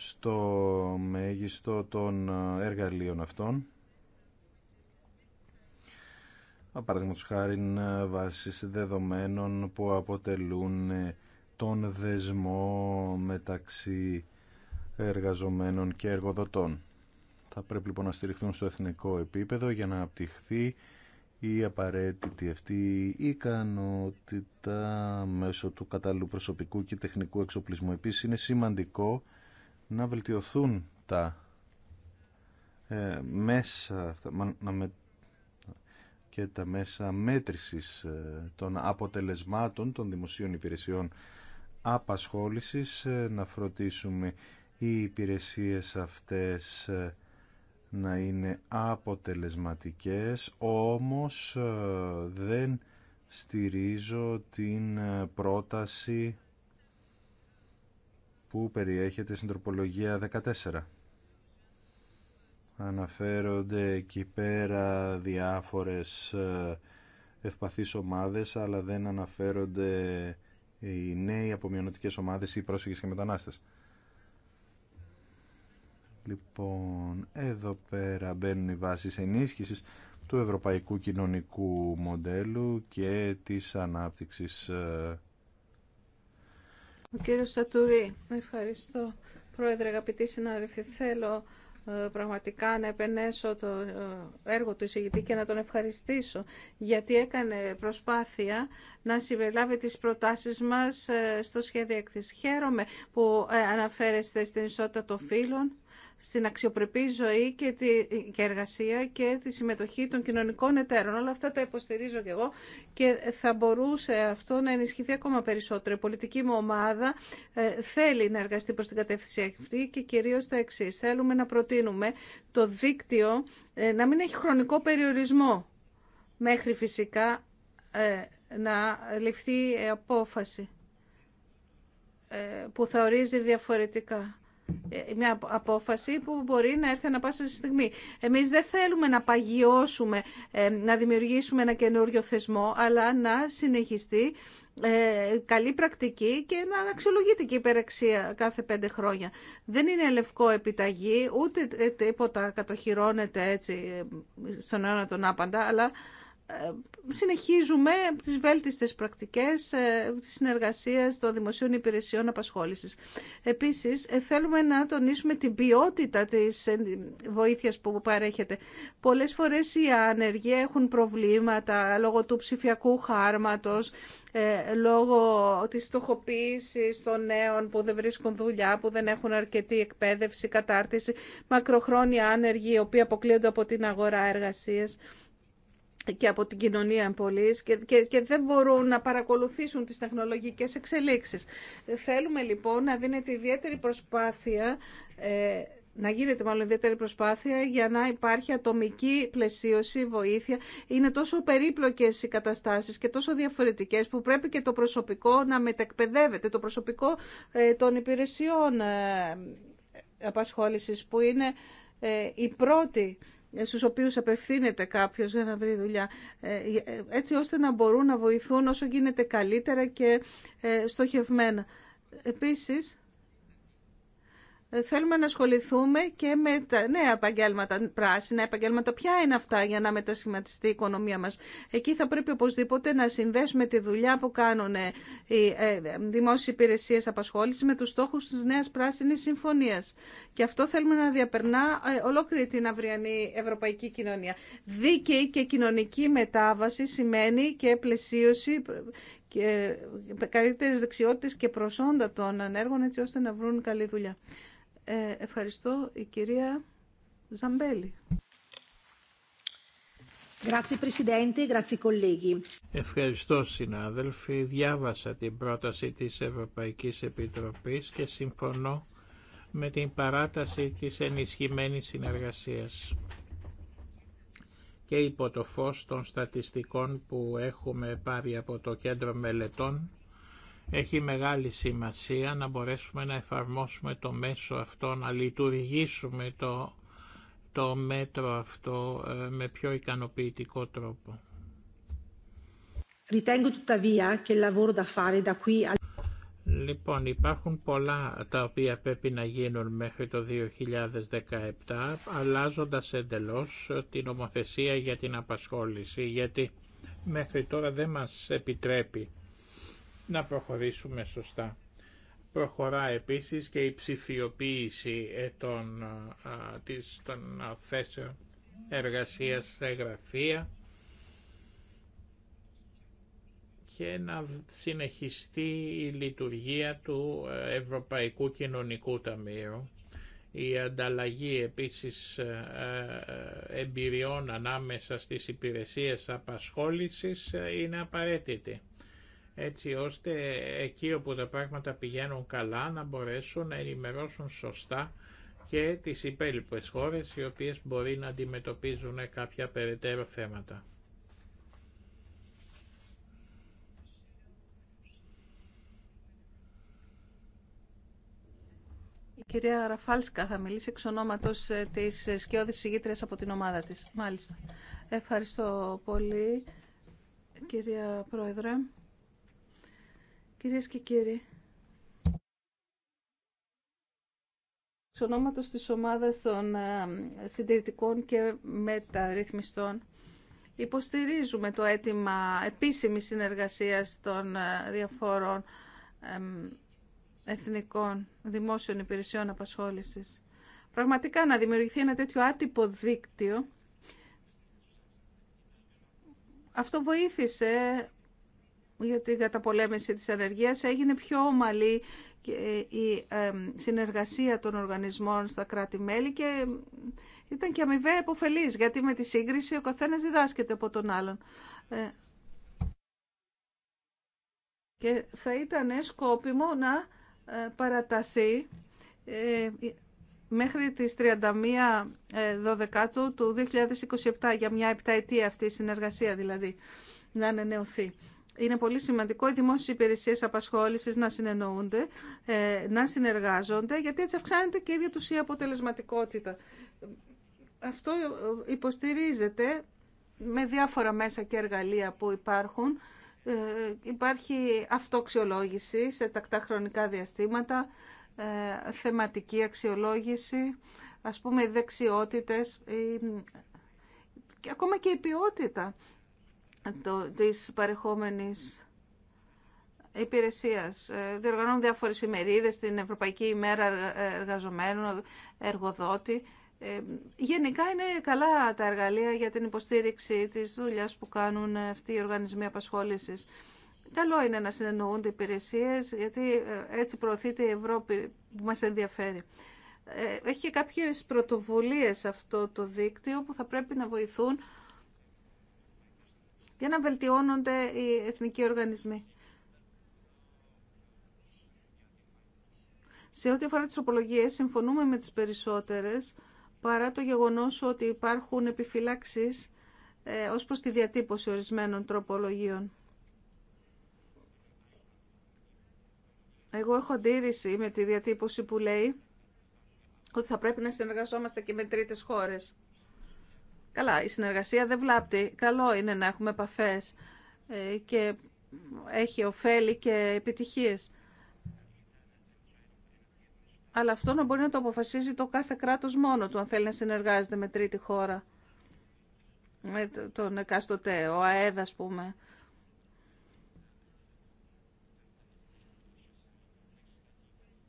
στο μέγιστο των ε, εργαλείων αυτών. Παραδείγματος χάρη ε, βάσεις δεδομένων που αποτελούν ε, τον δεσμό μεταξύ εργαζομένων και εργοδοτών. Θα πρέπει λοιπόν να στηριχθούν στο εθνικό επίπεδο για να απτυχθεί η απαραίτητη αυτή ικανότητα μέσω του κατάλληλου προσωπικού και τεχνικού εξοπλισμού. Επίσης είναι σημαντικό να βελτιωθούν τα ε, μέσα να με, και τα μέσα μέτρησης ε, των αποτελεσμάτων των δημοσίων υπηρεσιών απασχόλησης ε, να φροντίσουμε οι υπηρεσίες αυτές να είναι αποτελεσματικές όμως δεν στηρίζω την πρόταση που περιέχεται στην τροπολογία 14. Αναφέρονται εκεί πέρα διάφορες ε, ευπαθείς ομάδες, αλλά δεν αναφέρονται οι νέοι από ομάδες ή οι πρόσφυγες και μετανάστες. Λοιπόν, εδώ πέρα μπαίνουν οι βάσεις ενίσχυσης του ευρωπαϊκού κοινωνικού μοντέλου και της ανάπτυξης ε, ο κύριος Σατουρή, ευχαριστώ. Πρόεδρε, αγαπητοί συνάδελφοι, θέλω ε, πραγματικά να επενέσω το ε, έργο του εισηγητή και να τον ευχαριστήσω γιατί έκανε προσπάθεια να συμπεριλάβει τις προτάσεις μας ε, στο σχέδιο έκθεση. Χαίρομαι που αναφέρεστε στην ισότητα των φύλων στην αξιοπρεπή ζωή και, τη, και εργασία και τη συμμετοχή των κοινωνικών εταίρων. Όλα αυτά τα υποστηρίζω και εγώ και θα μπορούσε αυτό να ενισχυθεί ακόμα περισσότερο. Η πολιτική μου ομάδα ε, θέλει να εργαστεί προς την κατεύθυνση αυτή και κυρίως τα εξή. Θέλουμε να προτείνουμε το δίκτυο ε, να μην έχει χρονικό περιορισμό μέχρι φυσικά ε, να ληφθεί απόφαση που θα ορίζει διαφορετικά ε, μια απόφαση που μπορεί να έρθει ανα πάσα στιγμή. Εμείς δεν θέλουμε να παγιώσουμε, ε, να δημιουργήσουμε ένα καινούριο θεσμό, αλλά να συνεχιστεί ε, καλή πρακτική και να αξιολογείται και η υπεραξία κάθε πέντε χρόνια. Δεν είναι λευκό επιταγή, ούτε τίποτα κατοχυρώνεται έτσι στον αιώνα τον άπαντα, αλλά ε, συνεχίζουμε τις βέλτιστες πρακτικές ε, της συνεργασίας των δημοσίων υπηρεσιών απασχόλησης. Επίσης, ε, θέλουμε να τονίσουμε την ποιότητα της βοήθειας που παρέχεται. Πολλές φορές οι άνεργοι έχουν προβλήματα λόγω του ψηφιακού χάρματος, λόγω της φτωχοποίησης των νέων που δεν βρίσκουν δουλειά, που δεν έχουν αρκετή εκπαίδευση, κατάρτιση, μακροχρόνια άνεργοι, οι οποίοι αποκλείονται από την αγορά εργασίας και από την κοινωνία πολλής και, δεν μπορούν να παρακολουθήσουν τις τεχνολογικές εξελίξεις. Θέλουμε λοιπόν να δίνεται ιδιαίτερη προσπάθεια ε, να γίνεται μάλλον ιδιαίτερη προσπάθεια για να υπάρχει ατομική πλαισίωση, βοήθεια. Είναι τόσο περίπλοκες οι καταστάσεις και τόσο διαφορετικές που πρέπει και το προσωπικό να μετακπαιδεύεται, το προσωπικό ε, των υπηρεσιών ε, απασχόλησης που είναι ε, η πρώτη στους οποίους απευθύνεται κάποιος για να βρει δουλειά, ε, έτσι ώστε να μπορούν να βοηθούν όσο γίνεται καλύτερα και ε, στοχευμένα. Επίσης, Θέλουμε να ασχοληθούμε και με τα νέα επαγγέλματα, πράσινα επαγγέλματα. Ποια είναι αυτά για να μετασχηματιστεί η οικονομία μας. Εκεί θα πρέπει οπωσδήποτε να συνδέσουμε τη δουλειά που κάνουν οι ε, ε, δημόσιες υπηρεσίες απασχόλησης με τους στόχους της νέας πράσινης συμφωνίας. Και αυτό θέλουμε να διαπερνά ε, ολόκληρη την αυριανή ευρωπαϊκή κοινωνία. Δίκαιη και κοινωνική μετάβαση σημαίνει και πλαισίωση και καλύτερες δεξιότητες και προσόντα των ανέργων έτσι ώστε να βρουν καλή δουλειά. Ε, ευχαριστώ η κυρία Ζαμπέλη. Ευχαριστώ συνάδελφοι. Διάβασα την πρόταση της Ευρωπαϊκής Επιτροπής και συμφωνώ με την παράταση της ενισχυμένης συνεργασίας και υπό το φως των στατιστικών που έχουμε πάρει από το Κέντρο Μελετών έχει μεγάλη σημασία να μπορέσουμε να εφαρμόσουμε το μέσο αυτό, να λειτουργήσουμε το, το μέτρο αυτό ε, με πιο ικανοποιητικό τρόπο. Ritengo tuttavia che il lavoro da fare da qui Λοιπόν, υπάρχουν πολλά τα οποία πρέπει να γίνουν μέχρι το 2017, αλλάζοντας εντελώς την ομοθεσία για την απασχόληση, γιατί μέχρι τώρα δεν μας επιτρέπει να προχωρήσουμε σωστά. Προχωρά επίσης και η ψηφιοποίηση ε, των, της, των θέσεων εργασίας σε γραφεία και να συνεχιστεί η λειτουργία του ε, Ευρωπαϊκού Κοινωνικού Ταμείου. Η ανταλλαγή επίσης ε, εμπειριών ανάμεσα στις υπηρεσίες απασχόλησης είναι απαραίτητη έτσι ώστε εκεί όπου τα πράγματα πηγαίνουν καλά να μπορέσουν να ενημερώσουν σωστά και τις υπέλοιπες χώρες οι οποίες μπορεί να αντιμετωπίζουν κάποια περαιτέρω θέματα. Η κυρία Ραφάλσκα θα μιλήσει εξ ονόματος ε, της σκιώδης συγγήτρια από την ομάδα της. Μάλιστα. Ευχαριστώ πολύ, κυρία Πρόεδρε. Κυρίες και κύριοι, εξ ονόματος της ομάδας των ε, συντηρητικών και μεταρρυθμιστών, υποστηρίζουμε το αίτημα επίσημης συνεργασίας των ε, διαφόρων εθνικών δημόσιων υπηρεσιών απασχόλησης. Πραγματικά να δημιουργηθεί ένα τέτοιο άτυπο δίκτυο, αυτό βοήθησε για την καταπολέμηση της ανεργίας έγινε πιο ομαλή η συνεργασία των οργανισμών στα κράτη-μέλη και ήταν και αμοιβαία υποφελής, γιατί με τη σύγκριση ο καθένας διδάσκεται από τον άλλον. Ε, και θα ήταν σκόπιμο να ε, παραταθεί ε, μέχρι τις 31 Δοδεκάτου του 2027 για μια επταετία αυτή η συνεργασία δηλαδή να ανανεωθεί. Είναι πολύ σημαντικό οι δημόσιες υπηρεσίες απασχόλησης να συνεννοούνται, ε, να συνεργάζονται, γιατί έτσι αυξάνεται και η ίδια αποτελεσματικότητα. Αυτό υποστηρίζεται με διάφορα μέσα και εργαλεία που υπάρχουν. Ε, υπάρχει αυτοξιολόγηση σε τακτά χρονικά διαστήματα, ε, θεματική αξιολόγηση, ας πούμε δεξιότητες και ακόμα και η ποιότητα το, της παρεχόμενης υπηρεσίας. Ε, διοργανώνουν διάφορες ημερίδες, την Ευρωπαϊκή ημέρα εργαζομένων, εργοδότη. Ε, γενικά είναι καλά τα εργαλεία για την υποστήριξη της δουλειάς που κάνουν αυτοί οι οργανισμοί απασχόλησης. Καλό είναι να συνεννοούνται υπηρεσίες, γιατί ε, έτσι προωθείται η Ευρώπη που μας ενδιαφέρει. Έχει κάποιες πρωτοβουλίες αυτό το δίκτυο που θα πρέπει να βοηθούν για να βελτιώνονται οι εθνικοί οργανισμοί. Σε ό,τι αφορά τις τροπολογίες, συμφωνούμε με τις περισσότερες, παρά το γεγονός ότι υπάρχουν επιφυλάξεις ε, ως προς τη διατύπωση ορισμένων τροπολογίων. Εγώ έχω αντίρρηση με τη διατύπωση που λέει ότι θα πρέπει να συνεργαζόμαστε και με τρίτες χώρες. Καλά, η συνεργασία δεν βλάπτει. Καλό είναι να έχουμε επαφές ε, και έχει ωφέλη και επιτυχίες. Αλλά αυτό να μπορεί να το αποφασίζει το κάθε κράτος μόνο του, αν θέλει να συνεργάζεται με τρίτη χώρα. Με τον εκάστοτε, ο ΑΕΔ, ας πούμε.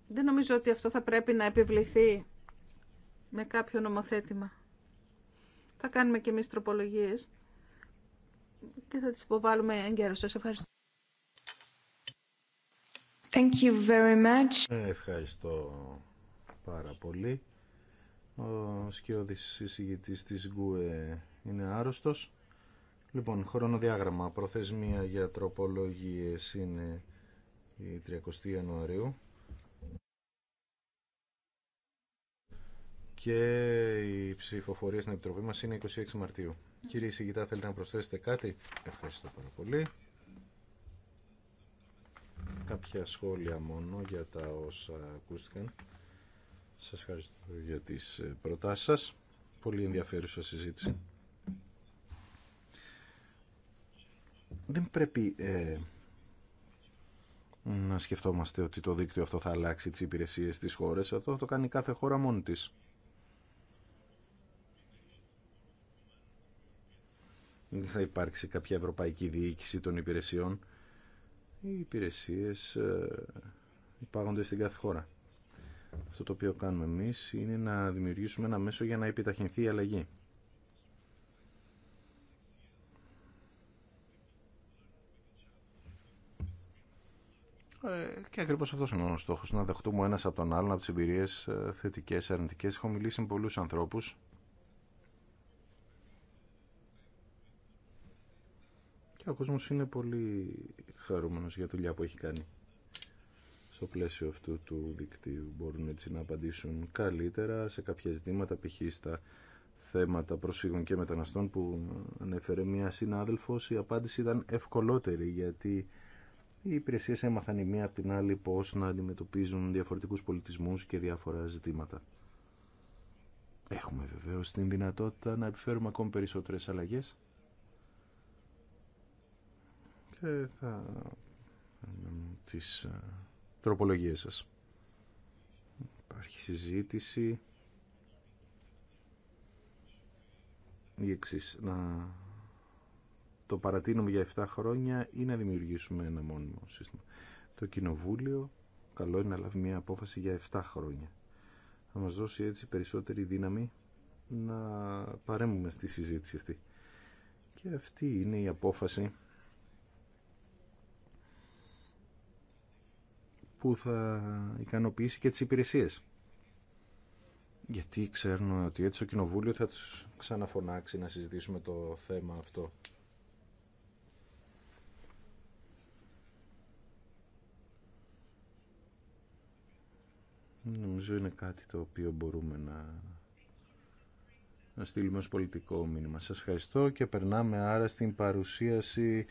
Δεν νομίζω ότι αυτό θα πρέπει να επιβληθεί με κάποιο νομοθέτημα. Θα κάνουμε και εμείς τροπολογίες και θα τις υποβάλουμε εγκαίρως. Σας ευχαριστώ. Thank you very much. Ε, ευχαριστώ πάρα πολύ. Ο σκιώδης εισηγητής της ΓΚΟΕ είναι άρρωστος. Λοιπόν, χρονοδιάγραμμα. Προθεσμία για τροπολογίες είναι η 30 Ιανουαρίου. και η ψηφοφορία στην Επιτροπή μας είναι 26 Μαρτίου. Κύριε Ισηγητά, θέλετε να προσθέσετε κάτι. Ευχαριστώ πάρα πολύ. Κάποια σχόλια μόνο για τα όσα ακούστηκαν. Σας ευχαριστώ για τις προτάσεις σας. Πολύ ενδιαφέρουσα συζήτηση. Δεν πρέπει ε, να σκεφτόμαστε ότι το δίκτυο αυτό θα αλλάξει τις υπηρεσίες της χώρας. Αυτό το κάνει κάθε χώρα μόνη της. Δεν θα υπάρξει κάποια ευρωπαϊκή διοίκηση των υπηρεσιών. Οι υπηρεσίες ε, υπάγονται στην κάθε χώρα. Αυτό το οποίο κάνουμε εμείς είναι να δημιουργήσουμε ένα μέσο για να επιταχυνθεί η αλλαγή. Ε, και ακριβώ αυτό είναι ο στόχο, να δεχτούμε ένα από τον άλλον από τι εμπειρίε ε, θετικέ, αρνητικέ. Έχω μιλήσει με πολλού ανθρώπου Και ο κόσμος είναι πολύ χαρούμενος για δουλειά που έχει κάνει. Στο πλαίσιο αυτού του δικτύου μπορούν έτσι να απαντήσουν καλύτερα σε κάποια ζητήματα, π.χ. στα θέματα προσφύγων και μεταναστών που ανέφερε μια συνάδελφος, η απάντηση ήταν ευκολότερη γιατί οι υπηρεσίε έμαθαν η μία από την άλλη πώς να αντιμετωπίζουν διαφορετικούς πολιτισμούς και διάφορα ζητήματα. Έχουμε βεβαίως την δυνατότητα να επιφέρουμε ακόμη περισσότερες αλλαγές και ε, θα τις ε, τροπολογίες σας. Υπάρχει συζήτηση. Η εξής, να το παρατείνουμε για 7 χρόνια ή να δημιουργήσουμε ένα μόνιμο σύστημα. Το Κοινοβούλιο καλό είναι να λάβει μια απόφαση για 7 χρόνια. Θα μας δώσει έτσι περισσότερη δύναμη να παρέμουμε στη συζήτηση αυτή. Και αυτή είναι η απόφαση που θα ικανοποιήσει και τις υπηρεσίες. Γιατί ξέρουν ότι έτσι το Κοινοβούλιο θα τους ξαναφωνάξει να συζητήσουμε το θέμα αυτό. Νομίζω είναι κάτι το οποίο μπορούμε να, να στείλουμε ως πολιτικό μήνυμα. Σας ευχαριστώ και περνάμε άρα στην παρουσίαση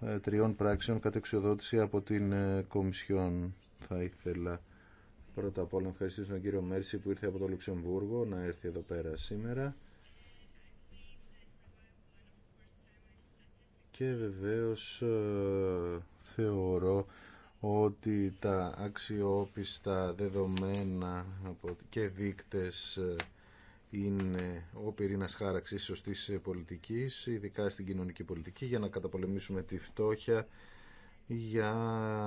ε, τριών πράξεων κατεξοδότηση από την ε, Κομισιόν θα ήθελα πρώτα απ' όλα να ευχαριστήσω τον κύριο Μέρση που ήρθε από το Λουξεμβούργο να έρθει εδώ πέρα σήμερα και βεβαίως ε, θεωρώ ότι τα αξιόπιστα δεδομένα και δείκτες ε, είναι ο πυρήνας χάραξης σωστής πολιτικής, ειδικά στην κοινωνική πολιτική, για να καταπολεμήσουμε τη φτώχεια για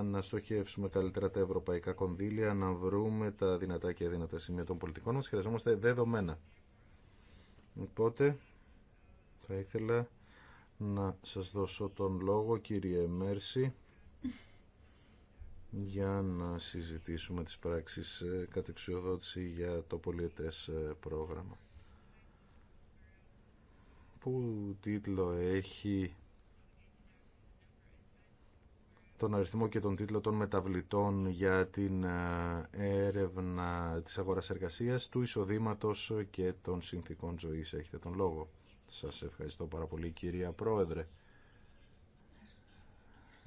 να στοχεύσουμε καλύτερα τα ευρωπαϊκά κονδύλια, να βρούμε τα δυνατά και αδύνατα σημεία των πολιτικών μας. Χρειαζόμαστε δεδομένα. Οπότε θα ήθελα να σας δώσω τον λόγο κύριε Μέρση για να συζητήσουμε τις πράξεις ε, κατεξιοδότηση για το πολιετές ε, πρόγραμμα που τίτλο έχει τον αριθμό και τον τίτλο των μεταβλητών για την ε, έρευνα της αγοράς εργασίας, του εισοδήματος και των συνθήκων ζωής. Έχετε τον λόγο. Σας ευχαριστώ πάρα πολύ κυρία Πρόεδρε.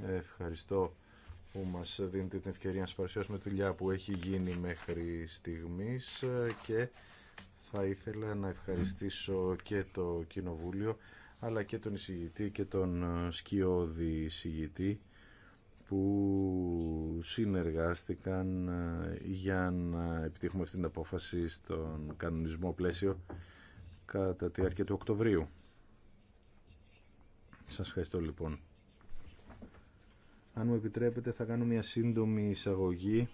Ευχαριστώ που μας δίνετε την ευκαιρία να σας παρουσιάσουμε τη δουλειά που έχει γίνει μέχρι στιγμής και θα ήθελα να ευχαριστήσω και το Κοινοβούλιο αλλά και τον εισηγητή και τον σκιώδη εισηγητή που συνεργάστηκαν ε, για να επιτύχουμε αυτή την απόφαση στον κανονισμό πλαίσιο κατά τη διάρκεια του Οκτωβρίου. Σας ευχαριστώ λοιπόν. Αν μου επιτρέπετε θα κάνω μια σύντομη εισαγωγή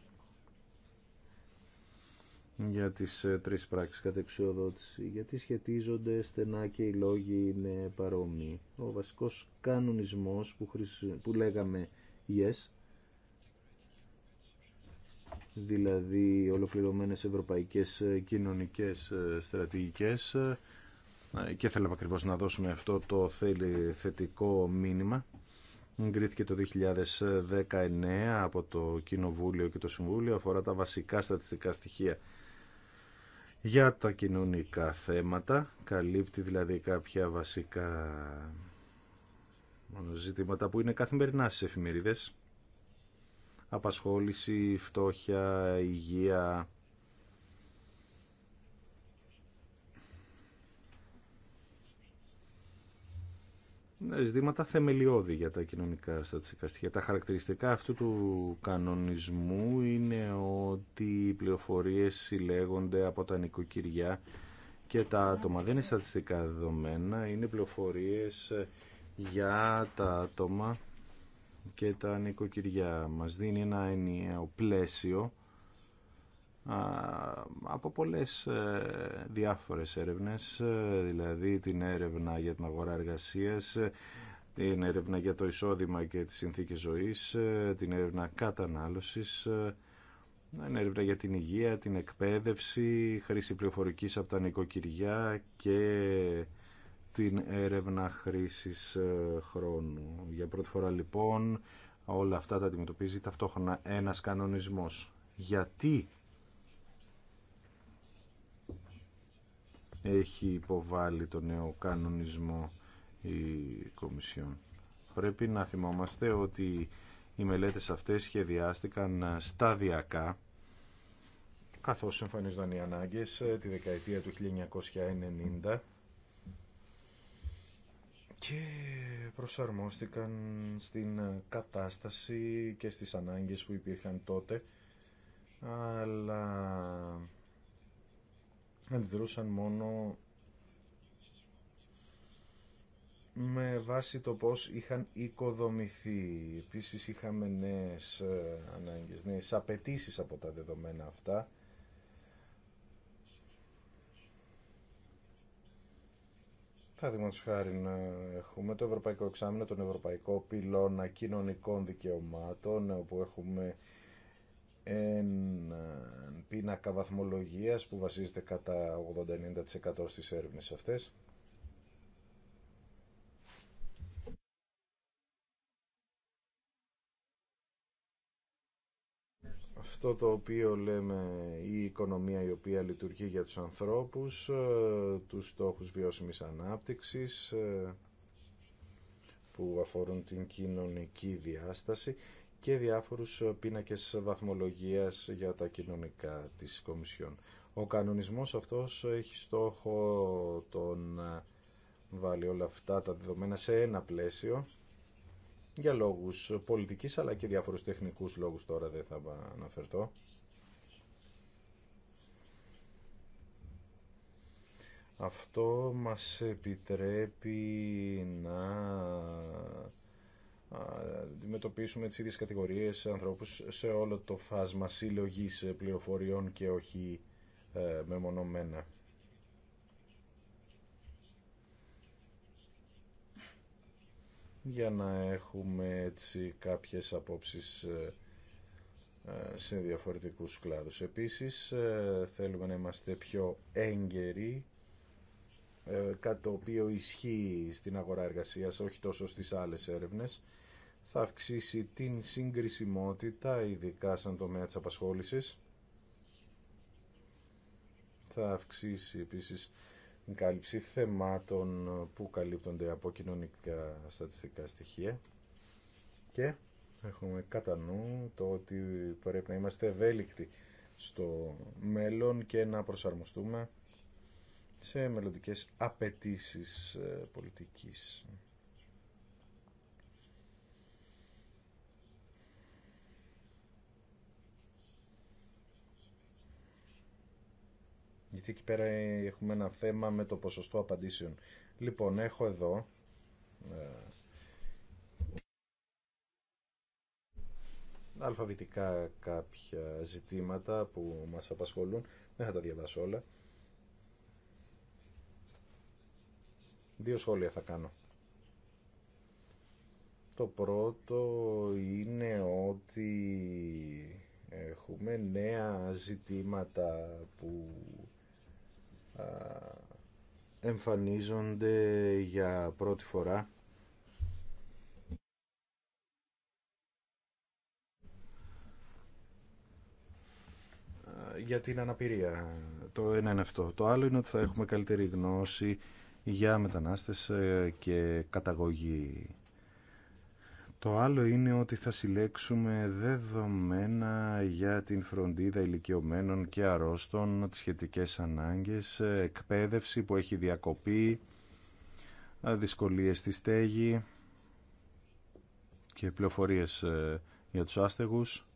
για τις ε, τρεις πράξεις εξοδότηση. γιατί σχετίζονται στενά και οι λόγοι είναι παρόμοιοι. Ο βασικός κανονισμός που, που λέγαμε yes, δηλαδή ολοκληρωμένες ευρωπαϊκές ε, κοινωνικές ε, στρατηγικές ε, και θέλαμε ακριβώς να δώσουμε αυτό το θετικό μήνυμα. Εγκρίθηκε το 2019 από το Κοινοβούλιο και το Συμβούλιο αφορά τα βασικά στατιστικά στοιχεία για τα κοινωνικά θέματα. Καλύπτει δηλαδή κάποια βασικά ζητήματα που είναι καθημερινά στις εφημερίδες. Απασχόληση, φτώχεια, υγεία. Ναι, ζητήματα θεμελιώδη για τα κοινωνικά στατιστικά στοιχεία. Τα χαρακτηριστικά αυτού του κανονισμού είναι ότι οι πληροφορίες συλλέγονται από τα νοικοκυριά και τα άτομα. Δεν είναι στατιστικά δεδομένα, είναι πληροφορίες για τα άτομα και τα νοικοκυριά. Μας δίνει ένα ενιαίο πλαίσιο από πολλές ε, διάφορες έρευνες, ε, δηλαδή την έρευνα για την αγορά εργασίας, ε, την έρευνα για το εισόδημα και τις συνθήκες ζωής, την έρευνα κατανάλωσης, την έρευνα για την υγεία, την εκπαίδευση, χρήση πληροφορικής από τα νοικοκυριά και την έρευνα χρήσης ε, χρόνου. Για πρώτη φορά λοιπόν όλα αυτά τα αντιμετωπίζει ταυτόχρονα ένας κανονισμός. Γιατί έχει υποβάλει το νέο κανονισμό η Κομισιόν. Πρέπει να θυμόμαστε ότι οι μελέτες αυτές σχεδιάστηκαν ε, σταδιακά καθώς εμφανίζονταν οι ανάγκες ε, τη δεκαετία του 1990 και προσαρμόστηκαν στην κατάσταση και στις ανάγκες που υπήρχαν τότε αλλά αντιδρούσαν μόνο με βάση το πώς είχαν οικοδομηθεί. Επίσης είχαμε νέες ε, ανάγκες, νέες απαιτήσει από τα δεδομένα αυτά Παραδείγματο χάρη να έχουμε το Ευρωπαϊκό Εξάμεινο, τον Ευρωπαϊκό Πυλώνα Κοινωνικών Δικαιωμάτων, όπου έχουμε ένα πίνακα βαθμολογίας που βασίζεται κατά 80-90% στις έρευνες αυτές. αυτό το οποίο λέμε η οικονομία η οποία λειτουργεί για τους ανθρώπους, ε, τους στόχους βιώσιμης ανάπτυξης ε, που αφορούν την κοινωνική διάσταση και διάφορους πίνακες βαθμολογίας για τα κοινωνικά της Κομισιόν. Ο κανονισμός αυτός έχει στόχο τον βάλει όλα αυτά τα δεδομένα σε ένα πλαίσιο για λόγους πολιτικής αλλά και διάφορους τεχνικούς λόγους τώρα δεν θα αναφερθώ. Αυτό μας επιτρέπει να αντιμετωπίσουμε τις ίδιες κατηγορίες ανθρώπους σε όλο το φάσμα συλλογής πληροφοριών και όχι ε, μεμονωμένα. για να έχουμε έτσι κάποιες απόψεις ε, ε, σε διαφορετικούς κλάδους. Επίσης ε, θέλουμε να είμαστε πιο έγκαιροι κάτι το οποίο ισχύει στην αγορά εργασίας, όχι τόσο στις άλλες έρευνες, θα αυξήσει την συγκρισιμότητα, ειδικά σαν τομέα της απασχόλησης. Θα αυξήσει επίσης την κάλυψη θεμάτων που καλύπτονται από κοινωνικά στατιστικά στοιχεία και έχουμε κατά νου το ότι πρέπει να είμαστε ευέλικτοι στο μέλλον και να προσαρμοστούμε σε μελλοντικές απαιτήσεις ε, πολιτικής. Γιατί εκεί πέρα έχουμε ένα θέμα με το ποσοστό απαντήσεων. Λοιπόν, έχω εδώ... Ε, αλφαβητικά κάποια ζητήματα που μας απασχολούν. Δεν θα τα διαβάσω όλα. Δύο σχόλια θα κάνω. Το πρώτο είναι ότι έχουμε νέα ζητήματα που εμφανίζονται για πρώτη φορά για την αναπηρία. Το ένα είναι αυτό. Το άλλο είναι ότι θα έχουμε καλύτερη γνώση για μετανάστες ε, και καταγωγή το άλλο είναι ότι θα συλλέξουμε δεδομένα για την φροντίδα ηλικιωμένων και αρρώστων, τις σχετικές ανάγκες, εκπαίδευση που έχει διακοπεί, δυσκολίες στη στέγη και πληροφορίες ε, για τους άστεγους.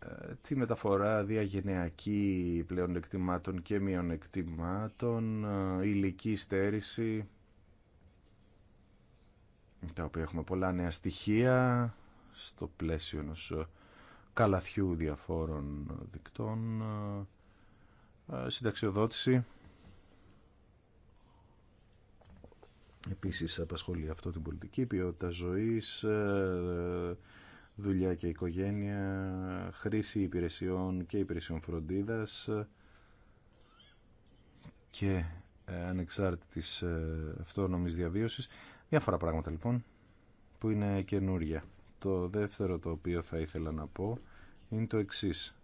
Ε, τη μεταφορά διαγενειακή πλέον εκτιμάτων και μειονεκτημάτων, ε, ηλική στέρηση, τα οποία έχουμε πολλά νέα στοιχεία στο πλαίσιο ενό ε, καλαθιού διαφόρων δικτών, ε, ε, συνταξιοδότηση. Επίσης απασχολεί αυτό την πολιτική ποιότητα ζωής, δουλειά και οικογένεια, χρήση υπηρεσιών και υπηρεσιών φροντίδας και ανεξάρτητης αυτόνομης διαβίωσης. Διάφορα πράγματα λοιπόν που είναι καινούρια. Το δεύτερο το οποίο θα ήθελα να πω είναι το εξής.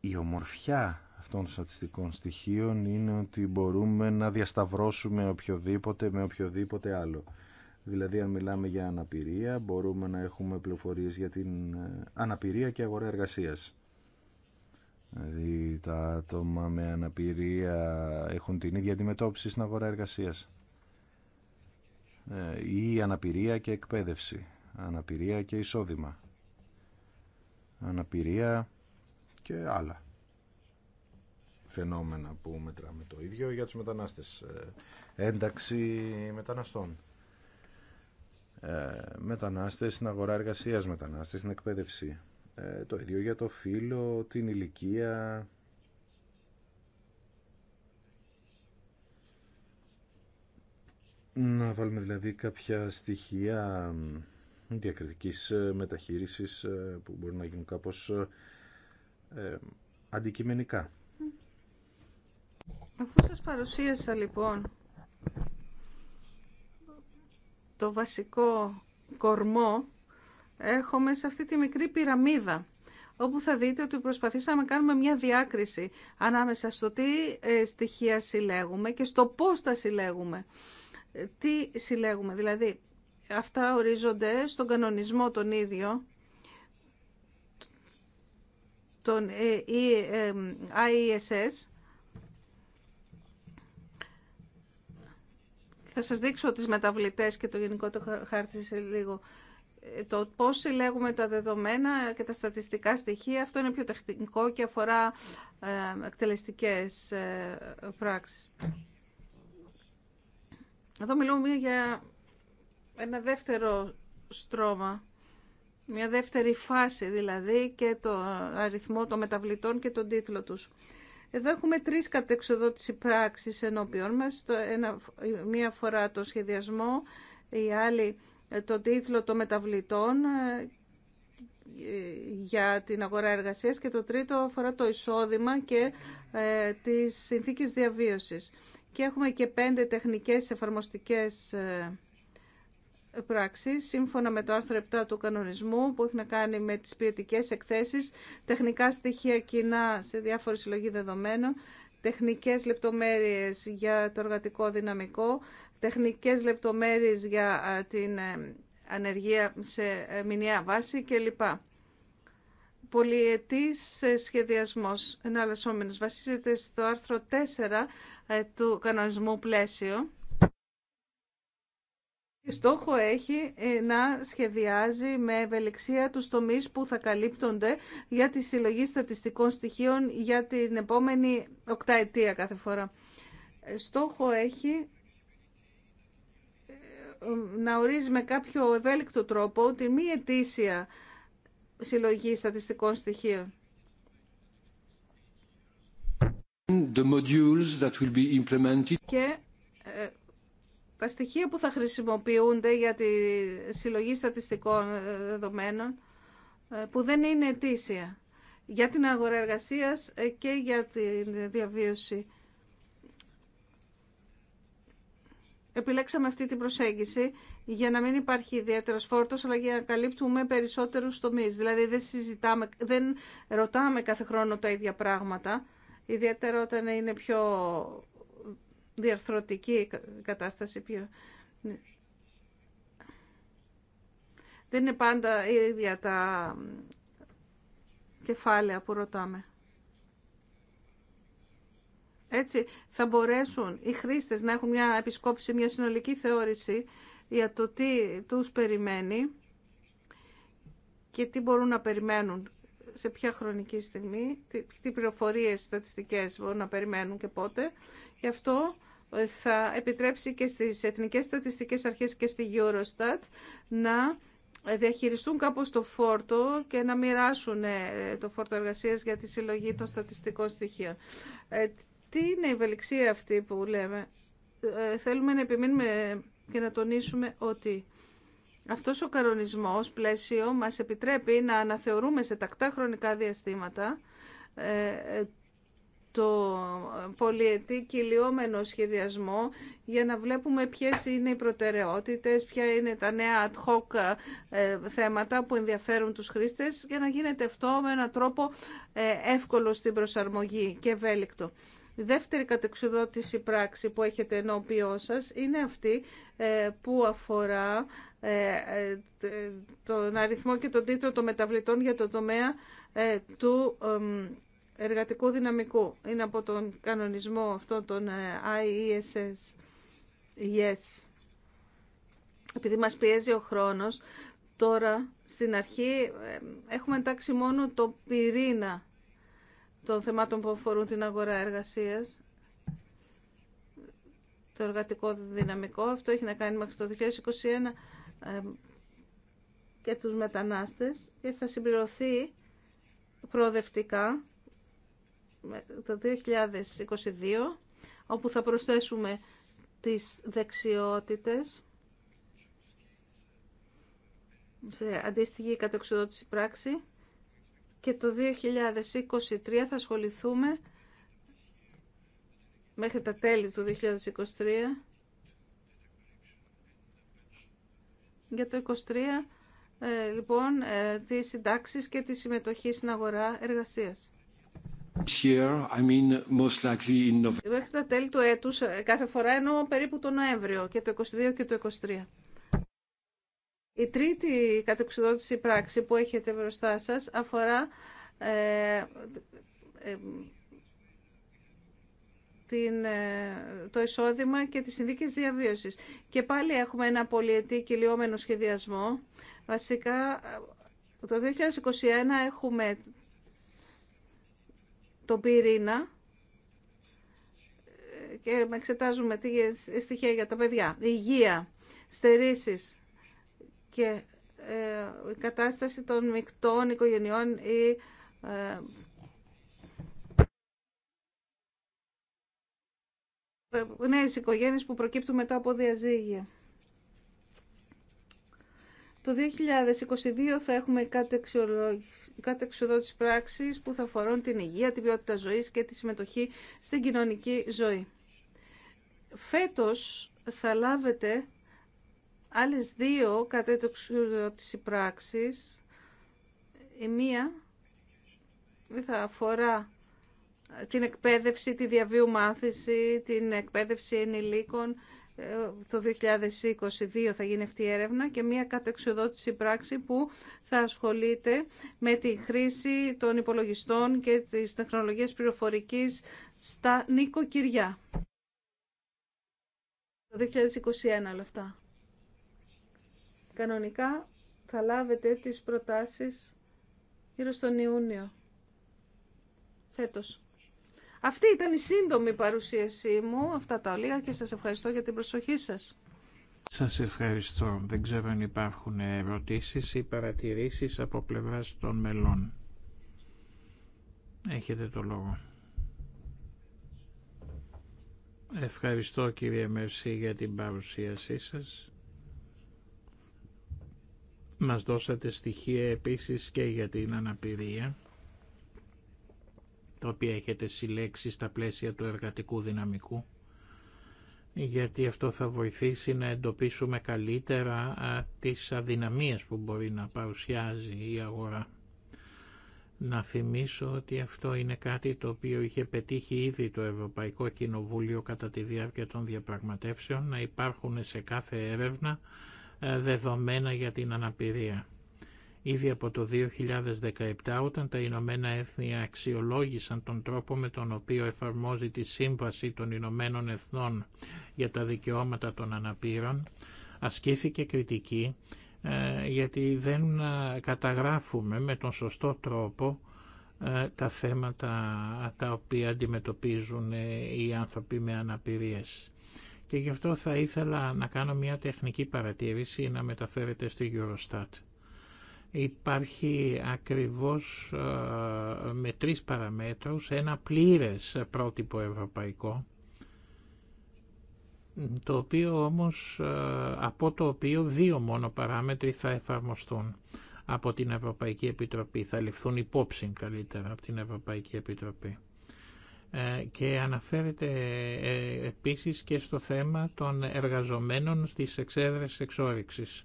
Η ομορφιά αυτών των στατιστικών στοιχείων είναι ότι μπορούμε να διασταυρώσουμε οποιοδήποτε με οποιοδήποτε άλλο. Δηλαδή αν μιλάμε για αναπηρία μπορούμε να έχουμε πληροφορίες για την ε, αναπηρία και αγορά εργασίας. Δηλαδή τα άτομα με αναπηρία έχουν την ίδια αντιμετώπιση στην αγορά εργασίας. Ε, ή αναπηρία και εκπαίδευση, αναπηρία και εισόδημα, αναπηρία και άλλα φαινόμενα που μετράμε το ίδιο για τους μετανάστες. Ε, ένταξη μεταναστών. Ε, μετανάστες στην αγορά εργασίας, μετανάστες στην εκπαίδευση. Ε, το ίδιο για το φύλλο, την ηλικία, Να βάλουμε δηλαδή κάποια στοιχεία διακριτικής ε, μεταχείρισης ε, που μπορεί να γίνουν κάπως ε, αντικειμενικά. Αφού σας παρουσίασα λοιπόν το βασικό κορμό, έχουμε σε αυτή τη μικρή πυραμίδα όπου θα δείτε ότι προσπαθήσαμε να κάνουμε μια διάκριση ανάμεσα στο τι στοιχεία συλλέγουμε και στο πώς τα συλλέγουμε τι συλλέγουμε. Δηλαδή, αυτά ορίζονται στον κανονισμό τον ίδιο, τον IESS. Ε, ε, Θα σας δείξω τις μεταβλητές και το γενικό το χάρτη σε λίγο. Ε, το πώς συλλέγουμε τα δεδομένα και τα στατιστικά στοιχεία, αυτό είναι πιο τεχνικό και αφορά εκτελεστικές πράξεις. Εδώ μιλούμε για ένα δεύτερο στρώμα, μια δεύτερη φάση δηλαδή και το αριθμό των μεταβλητών και τον τίτλο τους. Εδώ έχουμε τρεις κατεξοδότηση πράξεις ενώπιον μας. Το ένα, μία φορά το σχεδιασμό, η άλλη ε, το τίτλο των μεταβλητών ε, για την αγορά εργασίας και το τρίτο αφορά το εισόδημα και ε, τις συνθήκες διαβίωσης και έχουμε και πέντε τεχνικές εφαρμοστικές ε, πράξεις σύμφωνα με το άρθρο 7 του κανονισμού που έχει να κάνει με τις ποιοτικέ εκθέσεις, τεχνικά στοιχεία κοινά σε διάφορη συλλογή δεδομένων, τεχνικές λεπτομέρειες για το εργατικό δυναμικό, τεχνικές λεπτομέρειες για ε, την ε, ανεργία σε μηνιαία βάση κλπ. Πολυετής σχεδιασμός εναλλασσόμενος βασίζεται στο άρθρο 4 ε, του κανονισμού πλαίσιο. Στόχο έχει ε, να σχεδιάζει με ευελιξία τους τομείς που θα καλύπτονται για τη συλλογή στατιστικών στοιχείων για την επόμενη οκταετία κάθε φορά. Ε, στόχο έχει να ορίζει με κάποιο ευέλικτο τρόπο τη μη ετήσια συλλογή στατιστικών στοιχείων. Και ε, τα στοιχεία που θα χρησιμοποιούνται για τη συλλογή στατιστικών ε, δεδομένων ε, που δεν είναι αιτήσια για την αγορά εργασίας και για τη διαβίωση. Επιλέξαμε αυτή την προσέγγιση για να μην υπάρχει ιδιαίτερο φόρτος, αλλά για να καλύπτουμε περισσότερους τομείς. Δηλαδή δεν συζητάμε, δεν ρωτάμε κάθε χρόνο τα ίδια πράγματα ιδιαίτερα όταν είναι πιο διαρθρωτική η κατάσταση. Πιο... Ναι. Δεν είναι πάντα ίδια τα κεφάλαια που ρωτάμε. Έτσι θα μπορέσουν οι χρήστες να έχουν μια επισκόπηση, μια συνολική θεώρηση για το τι τους περιμένει και τι μπορούν να περιμένουν σε ποια χρονική στιγμή, τι, τι πληροφορίες στατιστικές μπορούν να περιμένουν και πότε. Γι' αυτό ε, θα επιτρέψει και στις Εθνικές Στατιστικές Αρχές και στη Eurostat να ε, διαχειριστούν κάπως το φόρτο και να μοιράσουν ε, το φόρτο εργασίας για τη συλλογή των στατιστικών στοιχείων. Τι είναι η ευελιξία αυτή που λέμε. Θέλουμε να επιμείνουμε και να τονίσουμε ότι αυτός ο κανονισμός πλαίσιο μας επιτρέπει να αναθεωρούμε σε τακτά χρονικά διαστήματα ε, ε, το πολυετή κυλιόμενο σχεδιασμό για να βλέπουμε ποιες είναι οι προτεραιότητες, ποια είναι τα νέα ad hoc ε, θέματα που ενδιαφέρουν τους χρήστες για να γίνεται αυτό με έναν τρόπο εύκολο στην προσαρμογή και ευέλικτο. Η δεύτερη κατεξουδότηση πράξη που έχετε ενώπιό σας είναι αυτή που αφορά ε, ε, τον αριθμό και τον τίτλο των μεταβλητών για το τομέα ε, του εργατικού δυναμικού. Είναι από τον κανονισμό αυτό τον IESS. Yes. Επειδή μας πιέζει ο χρόνος, τώρα στην αρχή έχουμε εντάξει μόνο το πυρήνα των θεμάτων που αφορούν την αγορά εργασίας, το εργατικό δυναμικό. Αυτό έχει να κάνει μέχρι το 2021 και τους μετανάστες και θα συμπληρωθεί προοδευτικά το 2022 όπου θα προσθέσουμε τις δεξιότητες σε αντίστοιχη κατεξοδότηση πράξη και το 2023 θα ασχοληθούμε μέχρι τα τέλη του 2023 Για το 23, ε, λοιπόν, ε, τις συντάξεις και τη συμμετοχή στην αγορά εργασίας. Year, I mean, most likely in November. Μέχρι τα τέλη του έτους, ε, κάθε φορά εννοώ περίπου το Νοέμβριο και το 22 και το 23. Η τρίτη κατεξοδότηση πράξη που έχετε μπροστά σας αφορά ε, ε την, ε, το εισόδημα και τις συνδίκες διαβίωσης. Και πάλι έχουμε ένα πολυετή κυλιόμενο σχεδιασμό. Βασικά, το 2021 έχουμε το πυρήνα και εξετάζουμε τι στοιχεία για τα παιδιά. Υγεία, στερήσεις και ε, κατάσταση των μεικτών οικογενειών ή ε, νέες οικογένειες που προκύπτουν μετά από διαζύγια. Το 2022 θα έχουμε κατεξοδότηση πράξης που θα αφορούν την υγεία, την ποιότητα ζωής και τη συμμετοχή στην κοινωνική ζωή. Φέτος θα λάβετε άλλες δύο κατεξοδότηση πράξης. Η μία θα αφορά την εκπαίδευση, τη διαβίου μάθηση, την εκπαίδευση ενηλίκων. Ε, το 2022 θα γίνει αυτή η έρευνα και μια κατεξοδότηση πράξη που θα ασχολείται με τη χρήση των υπολογιστών και της τεχνολογίας πληροφορικής στα νοικοκυριά. Το 2021 όλα αυτά. Κανονικά θα λάβετε τις προτάσεις γύρω στον Ιούνιο φέτος. Αυτή ήταν η σύντομη παρουσίασή μου, αυτά τα λίγα και σας ευχαριστώ για την προσοχή σας. Σας ευχαριστώ. Δεν ξέρω αν υπάρχουν ερωτήσεις ή παρατηρήσεις από πλευράς των μελών. Έχετε το λόγο. Ευχαριστώ κύριε Μερσή για την παρουσίασή σας. Μας δώσατε στοιχεία επίσης και για την αναπηρία τα οποία έχετε συλλέξει στα πλαίσια του εργατικού δυναμικού γιατί αυτό θα βοηθήσει να εντοπίσουμε καλύτερα τις αδυναμίες που μπορεί να παρουσιάζει η αγορά. Να θυμίσω ότι αυτό είναι κάτι το οποίο είχε πετύχει ήδη το Ευρωπαϊκό Κοινοβούλιο κατά τη διάρκεια των διαπραγματεύσεων να υπάρχουν σε κάθε έρευνα ε, δεδομένα για την αναπηρία. Ήδη από το 2017 όταν τα Ηνωμένα Έθνη αξιολόγησαν τον τρόπο με τον οποίο εφαρμόζει τη Σύμβαση των Ηνωμένων Εθνών για τα Δικαιώματα των Αναπήρων, ασκήθηκε κριτική ε, γιατί δεν ε, καταγράφουμε με τον σωστό τρόπο ε, τα θέματα τα οποία αντιμετωπίζουν οι άνθρωποι με αναπηρίες. Και γι' αυτό θα ήθελα να κάνω μια τεχνική παρατήρηση να μεταφέρεται στη Eurostat υπάρχει ακριβώς ε, με τρεις παραμέτρους ένα πλήρες πρότυπο ευρωπαϊκό το οποίο όμως, ε, από το οποίο δύο μόνο παράμετροι θα εφαρμοστούν από την Ευρωπαϊκή Επιτροπή, θα ληφθούν υπόψη καλύτερα από την Ευρωπαϊκή Επιτροπή. Ε, και αναφέρεται επίσης και στο θέμα των εργαζομένων στις εξέδρες εξόριξης.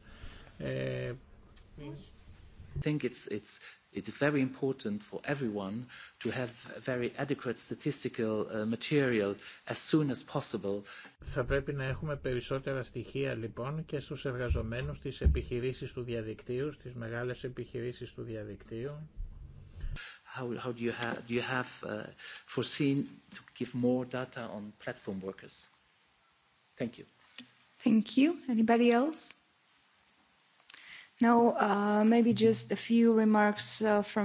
I think it's, it's, it's very important for everyone to have very adequate statistical material as soon as possible. Θα πρέπει να έχουμε περισσότερα στοιχεία λοιπόν και στους εργαζομένους της επιχειρήσεις του διαδικτύου, στις μεγάλες επιχειρήσεις του διαδικτύου. How, how do you have, do you have uh, foreseen to give more data on platform workers? Thank you. Thank you. Anybody else? Uh, maybe just uh, uh,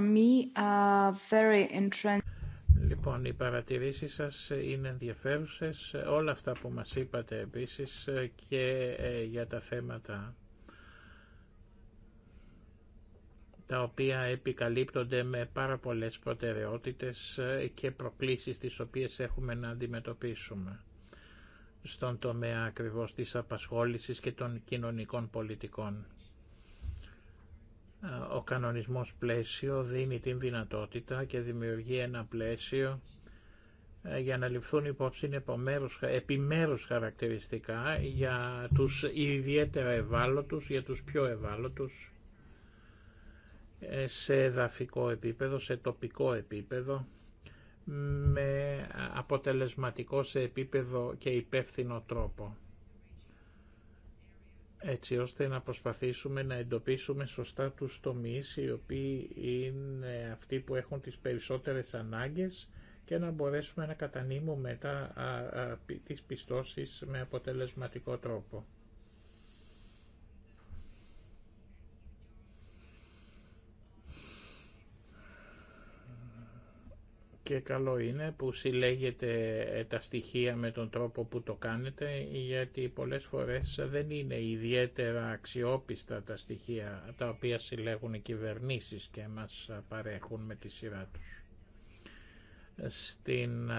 Λοιπόν, οι παρατηρήσεις σας είναι ενδιαφέρουσες. Όλα αυτά που μας είπατε επίσης ε, και ε, για τα θέματα τα οποία επικαλύπτονται με πάρα πολλές προτεραιότητες ε, και προκλήσεις τις οποίες έχουμε να αντιμετωπίσουμε στον τομέα ακριβώς της απασχόλησης και των κοινωνικών πολιτικών. Ο κανονισμός πλαίσιο δίνει την δυνατότητα και δημιουργεί ένα πλαίσιο ε, για να ληφθούν υπόψη επιμέρους χαρακτηριστικά για τους ιδιαίτερα ευάλωτους, για τους πιο ευάλωτους ε, σε εδαφικό επίπεδο, σε τοπικό επίπεδο με αποτελεσματικό σε επίπεδο και υπεύθυνο τρόπο έτσι ώστε να προσπαθήσουμε να εντοπίσουμε σωστά τους τομείς οι οποίοι είναι αυτοί που έχουν τις περισσότερες ανάγκες και να μπορέσουμε να κατανείμουμε μετά τις πιστώσεις με αποτελεσματικό τρόπο. και καλό είναι που συλλέγετε ε, τα στοιχεία με τον τρόπο που το κάνετε γιατί πολλές φορές δεν είναι ιδιαίτερα αξιόπιστα τα στοιχεία τα οποία συλλέγουν οι κυβερνήσεις και μας παρέχουν με τη σειρά τους. Στην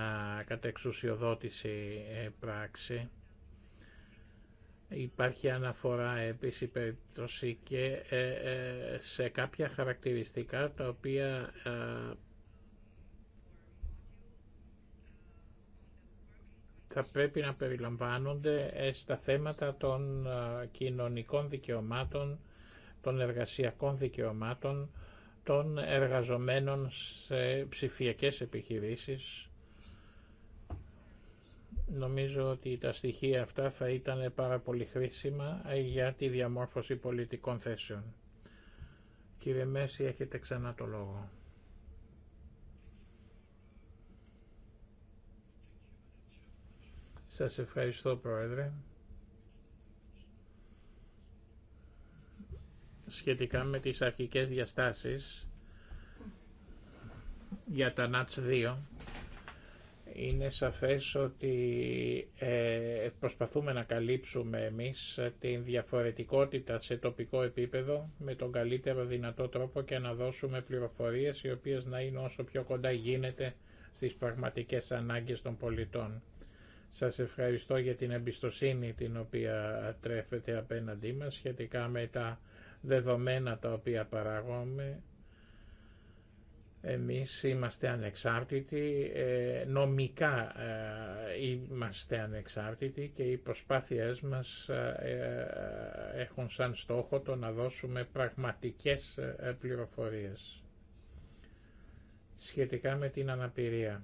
κατεξουσιοδότηση ε, πράξη Υπάρχει αναφορά επίσης περίπτωση και ε, σε κάποια χαρακτηριστικά τα οποία θα πρέπει να περιλαμβάνονται ε, στα θέματα των ε, κοινωνικών δικαιωμάτων, των εργασιακών δικαιωμάτων, των εργαζομένων σε ψηφιακές επιχειρήσεις. Νομίζω ότι τα στοιχεία αυτά θα ήταν πάρα πολύ χρήσιμα ε, για τη διαμόρφωση πολιτικών θέσεων. Κύριε Μέση, έχετε ξανά το λόγο. Σας ευχαριστώ Πρόεδρε. Σχετικά με τις αρχικές διαστάσεις για τα ΝΑΤΣ 2, είναι σαφές ότι ε, προσπαθούμε να καλύψουμε εμείς την διαφορετικότητα σε τοπικό επίπεδο με τον καλύτερο δυνατό τρόπο και να δώσουμε πληροφορίες οι οποίες να είναι όσο πιο κοντά γίνεται στις πραγματικές ανάγκες των πολιτών. Σας ευχαριστώ για την εμπιστοσύνη την οποία τρέφεται απέναντί μας σχετικά με τα δεδομένα τα οποία παράγουμε. Εμείς είμαστε ανεξάρτητοι, ε, νομικά ε, είμαστε ανεξάρτητοι και οι προσπάθειές μας ε, έχουν σαν στόχο το να δώσουμε πραγματικές πληροφορίες σχετικά με την αναπηρία.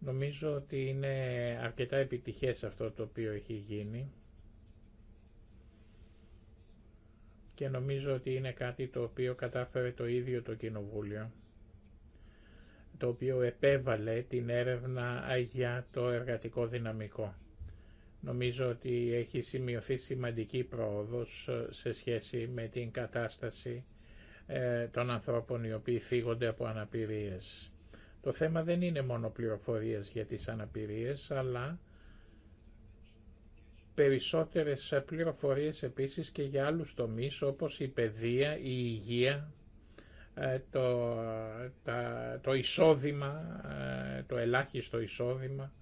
Νομίζω ότι είναι αρκετά επιτυχές αυτό το οποίο έχει γίνει και νομίζω ότι είναι κάτι το οποίο κατάφερε το ίδιο το Κοινοβούλιο το οποίο επέβαλε την έρευνα για το εργατικό δυναμικό. Νομίζω ότι έχει σημειωθεί σημαντική πρόοδος ε, σε σχέση με την κατάσταση ε, των ανθρώπων οι οποίοι φύγονται από αναπηρίες. Το θέμα δεν είναι μόνο πληροφορίες για τις αναπηρίες, αλλά περισσότερες πληροφορίες επίσης και για άλλους τομείς όπως η παιδεία, η υγεία, ε, το, το εισόδημα, ε, το ελάχιστο εισόδημα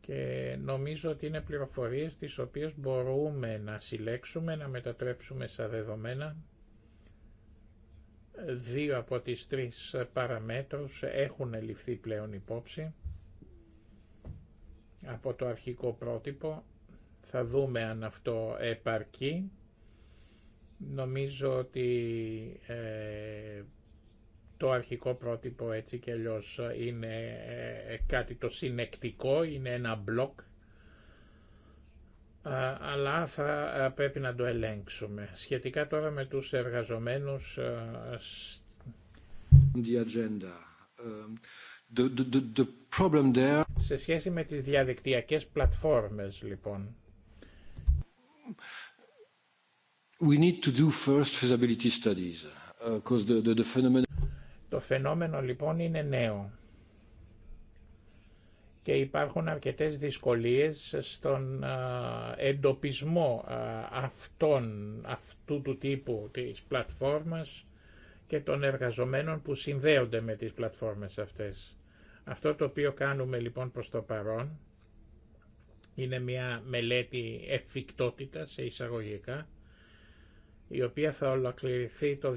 και νομίζω ότι είναι πληροφορίες τις οποίες μπορούμε να συλλέξουμε, να μετατρέψουμε σε δεδομένα Δύο από τις τρεις παραμέτρους έχουν ληφθεί πλέον υπόψη από το αρχικό πρότυπο. Θα δούμε αν αυτό επαρκεί. Νομίζω ότι ε, το αρχικό πρότυπο έτσι και αλλιώς είναι ε, ε, κάτι το συνεκτικό, είναι ένα μπλοκ αλλά θα πρέπει να το ελέγξουμε. Σχετικά τώρα με τους εργαζομένους The agenda. Um, the, the, the problem there... σε σχέση με τις διαδικτυακές πλατφόρμες λοιπόν. We need to do first feasibility studies, uh, the, the, the phenomenon... Το φαινόμενο λοιπόν είναι νέο και υπάρχουν αρκετές δυσκολίες στον εντοπισμό αυτών, αυτού του τύπου της πλατφόρμας και των εργαζομένων που συνδέονται με τις πλατφόρμες αυτές. Αυτό το οποίο κάνουμε λοιπόν προς το παρόν είναι μια μελέτη εφικτότητα σε εισαγωγικά η οποία θα ολοκληρωθεί το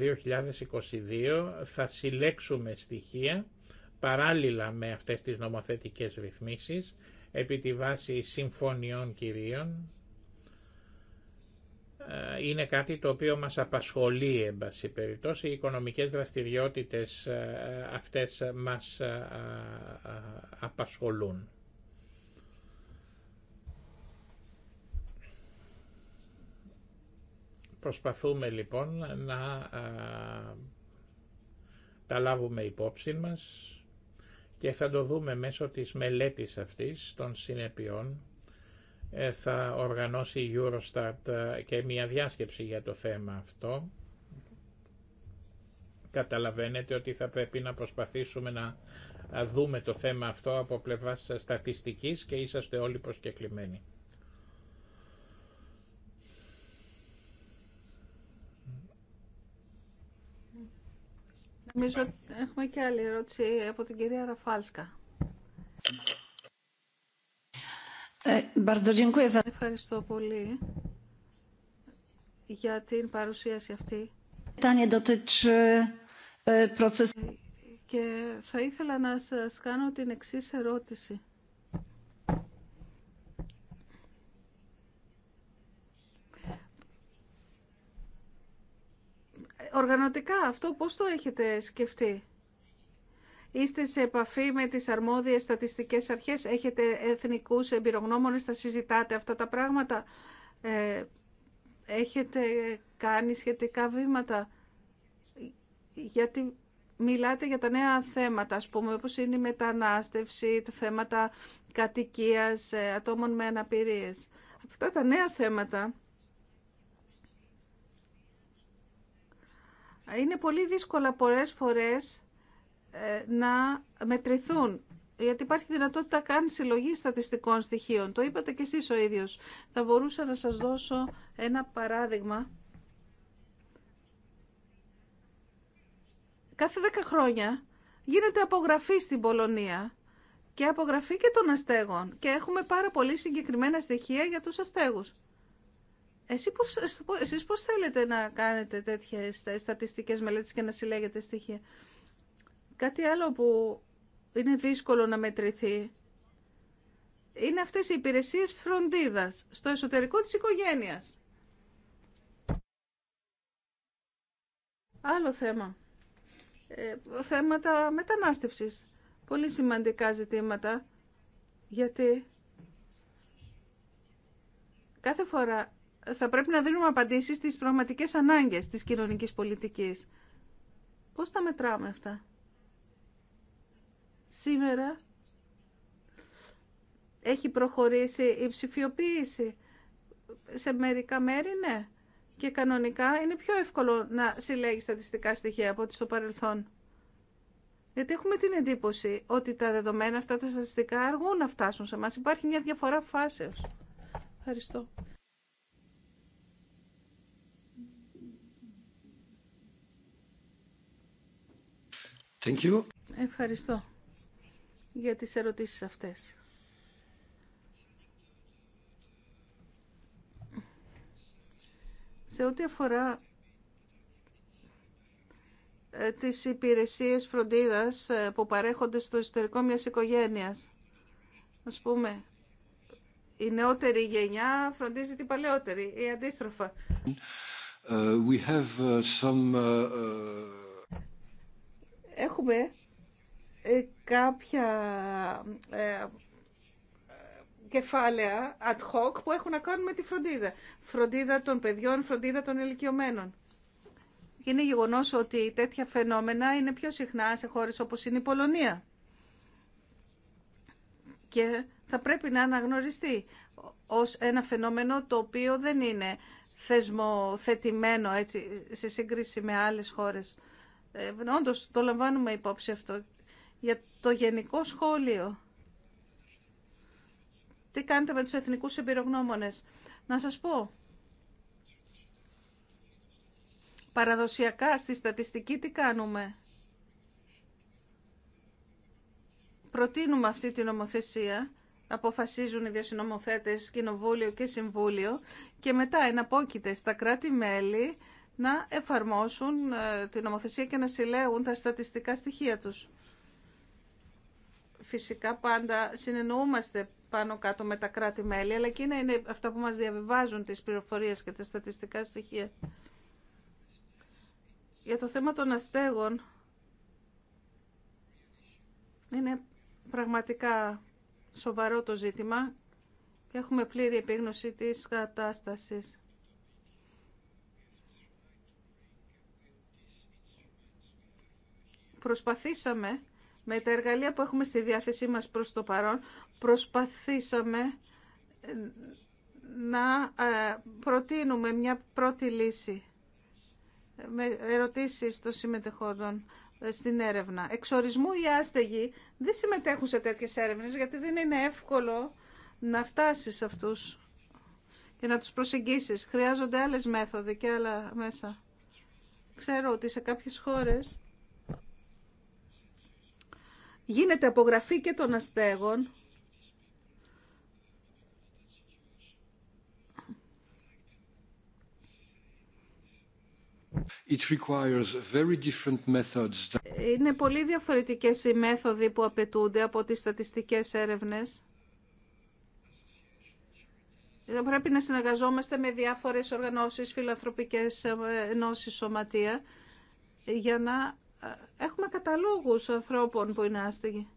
2022, θα συλλέξουμε στοιχεία παράλληλα με αυτές τις νομοθετικές ρυθμίσεις επί τη βάση συμφωνιών κυρίων ε, είναι κάτι το οποίο μας απασχολεί εν πάση περιπτώσει. Οι οικονομικές δραστηριότητες ε, αυτές μας ε, απασχολούν. Προσπαθούμε λοιπόν να τα λάβουμε υπόψη μας και θα το δούμε μέσω της μελέτης αυτής των συνεπειών. Ε, θα οργανώσει η Eurostat ε, και μια διάσκεψη για το θέμα αυτό. Καταλαβαίνετε ότι θα πρέπει να προσπαθήσουμε να δούμε το θέμα αυτό από πλευράς στατιστικής και είσαστε όλοι προσκεκλημένοι. Νομίζω ότι έχουμε και άλλη ερώτηση από την κυρία Ραφάλσκα. Ε, Ευχαριστώ πολύ για την παρουσίαση αυτή. Ε, και θα ήθελα να σας κάνω την εξής ερώτηση. οργανωτικά αυτό πώς το έχετε σκεφτεί. Είστε σε επαφή με τις αρμόδιες στατιστικές αρχές, έχετε εθνικούς εμπειρογνώμονες, θα συζητάτε αυτά τα πράγματα. Ε, έχετε κάνει σχετικά βήματα, γιατί μιλάτε για τα νέα θέματα, ας πούμε, όπως είναι η μετανάστευση, τα θέματα κατοικίας, ε, ατόμων με αναπηρίες. Αυτά τα νέα θέματα είναι πολύ δύσκολα πορές φορές ε, να μετρηθούν γιατί υπάρχει δυνατότητα καν συλλογή στατιστικών στοιχείων. Το είπατε κι εσείς ο ίδιος. Θα μπορούσα να σας δώσω ένα παράδειγμα. Κάθε 10 χρόνια γίνεται απογραφή στην Πολωνία και απογραφή και των αστέγων και έχουμε πάρα πολύ συγκεκριμένα στοιχεία για τους αστέγους. Εσύ πώς, εσείς πώς θέλετε να κάνετε τέτοιες στατιστικές μελέτες και να συλλέγετε στοιχεία. Κάτι άλλο που είναι δύσκολο να μετρηθεί είναι αυτές οι υπηρεσίες φροντίδας στο εσωτερικό της οικογένειας. Άλλο θέμα. Ε, θέματα μετανάστευσης. Πολύ σημαντικά ζητήματα γιατί κάθε φορά θα πρέπει να δίνουμε απαντήσεις στις πραγματικές ανάγκες της κοινωνικής πολιτικής. Πώς τα μετράμε αυτά. Σήμερα έχει προχωρήσει η ψηφιοποίηση. Σε μερικά μέρη ναι. Και κανονικά είναι πιο εύκολο να συλλέγει στατιστικά στοιχεία από ό,τι στο παρελθόν. Γιατί έχουμε την εντύπωση ότι τα δεδομένα αυτά τα στατιστικά αργούν να φτάσουν σε μας. Υπάρχει μια διαφορά φάσεως. Ευχαριστώ. Thank you. Ευχαριστώ για τις ερωτήσεις αυτές. Σε ό,τι αφορά ε, τις υπηρεσίες φροντίδας ε, που παρέχονται στο ιστορικό μιας οικογένειας. Ας πούμε, η νεότερη γενιά φροντίζει την παλαιότερη ή αντίστροφα. Ε, we have some, Έχουμε ε, κάποια ε, κεφάλαια ad hoc που έχουν να κάνουν με τη φροντίδα. Φροντίδα των παιδιών, φροντίδα των ηλικιωμένων. Είναι γεγονό ότι τέτοια φαινόμενα είναι πιο συχνά σε χώρες όπως είναι η Πολωνία. Και θα πρέπει να αναγνωριστεί ως ένα φαινόμενο το οποίο δεν είναι θεσμοθετημένο έτσι, σε σύγκριση με άλλες χώρες ε, ναι, το λαμβάνουμε υπόψη αυτό. Για το γενικό σχόλιο. Τι κάνετε με τους εθνικούς εμπειρογνώμονες. Να σας πω. Παραδοσιακά στη στατιστική τι κάνουμε. Προτείνουμε αυτή την νομοθεσία αποφασίζουν οι δύο συνομοθέτες, Κοινοβούλιο και Συμβούλιο και μετά εναπόκειται στα κράτη-μέλη να εφαρμόσουν ε, την νομοθεσία και να συλλέγουν τα στατιστικά στοιχεία τους. Φυσικά πάντα συνεννοούμαστε πάνω κάτω με τα κράτη-μέλη, αλλά εκείνα είναι αυτά που μας διαβιβάζουν τις πληροφορίες και τα στατιστικά στοιχεία. Για το θέμα των αστέγων, είναι πραγματικά σοβαρό το ζήτημα και έχουμε πλήρη επίγνωση της κατάστασης. προσπαθήσαμε με τα εργαλεία που έχουμε στη διάθεσή μας προς το παρόν, προσπαθήσαμε να ε, προτείνουμε μια πρώτη λύση με ερωτήσεις των συμμετεχόντων ε, στην έρευνα. Εξορισμού οι άστεγοι δεν συμμετέχουν σε τέτοιες έρευνες γιατί δεν είναι εύκολο να φτάσεις αυτούς και να τους προσεγγίσεις. Χρειάζονται άλλες μέθοδοι και άλλα μέσα. Ξέρω ότι σε κάποιες χώρες γίνεται απογραφή και των αστέγων It requires very different methods. Είναι πολύ διαφορετικές οι μέθοδοι που απαιτούνται από τις στατιστικές έρευνες. Θα πρέπει να συνεργαζόμαστε με διάφορες οργανώσεις, φιλανθρωπικές ενώσεις, σωματεία, για να έχουμε καταλόγους ανθρώπων που είναι άστεγοι.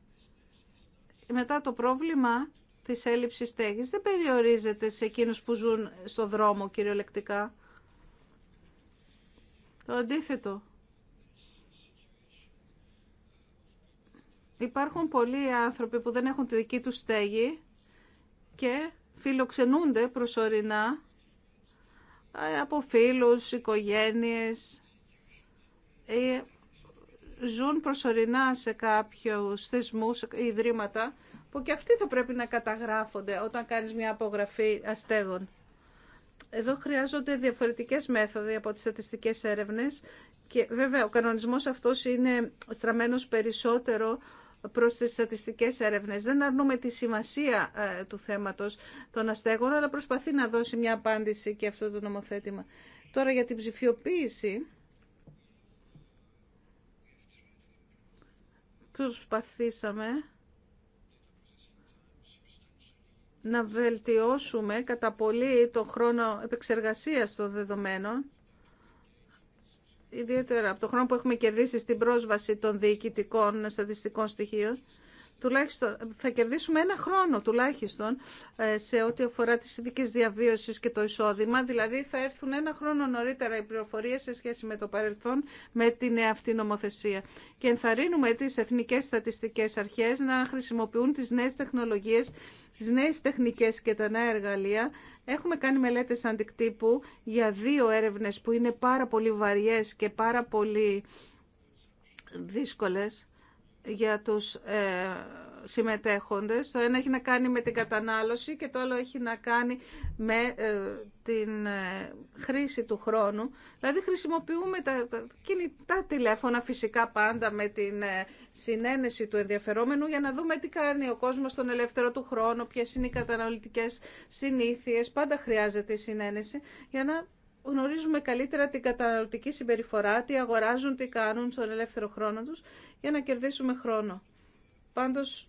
Μετά το πρόβλημα της έλλειψης στέγης δεν περιορίζεται σε εκείνους που ζουν στο δρόμο κυριολεκτικά. Το αντίθετο. Υπάρχουν πολλοί άνθρωποι που δεν έχουν τη δική τους στέγη και φιλοξενούνται προσωρινά ε, από φίλους, οικογένειες ε, ζουν προσωρινά σε κάποιους θεσμούς ή ιδρύματα που και αυτοί θα πρέπει να καταγράφονται όταν κάνεις μια απογραφή αστέγων. Εδώ χρειάζονται διαφορετικές μέθοδοι από τις στατιστικές έρευνες και βέβαια ο κανονισμός αυτός είναι στραμμένος περισσότερο προς τις στατιστικές έρευνες. Δεν αρνούμε τη σημασία ε, του θέματος των αστέγων, αλλά προσπαθεί να δώσει μια απάντηση και αυτό το νομοθέτημα. Τώρα για την ψηφιοποίηση προσπαθήσαμε να βελτιώσουμε κατά πολύ το χρόνο επεξεργασίας των δεδομένων, ιδιαίτερα από το χρόνο που έχουμε κερδίσει στην πρόσβαση των διοικητικών στατιστικών στοιχείων τουλάχιστον, θα κερδίσουμε ένα χρόνο τουλάχιστον ε, σε ό,τι αφορά τις ειδικέ διαβίωσης και το εισόδημα. Δηλαδή θα έρθουν ένα χρόνο νωρίτερα οι πληροφορίες σε σχέση με το παρελθόν με την νέα αυτή νομοθεσία. Και ενθαρρύνουμε τις εθνικές στατιστικές αρχές να χρησιμοποιούν τις νέες τεχνολογίες, τις νέες τεχνικές και τα νέα εργαλεία. Έχουμε κάνει μελέτες αντικτύπου για δύο έρευνες που είναι πάρα πολύ βαριές και πάρα πολύ δύσκολες για τους ε, συμμετέχοντες. Το ένα έχει να κάνει με την κατανάλωση και το άλλο έχει να κάνει με ε, την ε, χρήση του χρόνου. Δηλαδή χρησιμοποιούμε τα, κινητά τηλέφωνα φυσικά πάντα με την ε, συνένεση του ενδιαφερόμενου για να δούμε τι κάνει ο κόσμος στον ελεύθερο του χρόνο, ποιες είναι οι καταναλωτικές συνήθειες. Πάντα χρειάζεται η συνένεση για να γνωρίζουμε καλύτερα την καταναλωτική συμπεριφορά, τι αγοράζουν, τι κάνουν στον ελεύθερο χρόνο τους για να κερδίσουμε χρόνο. Πάντως,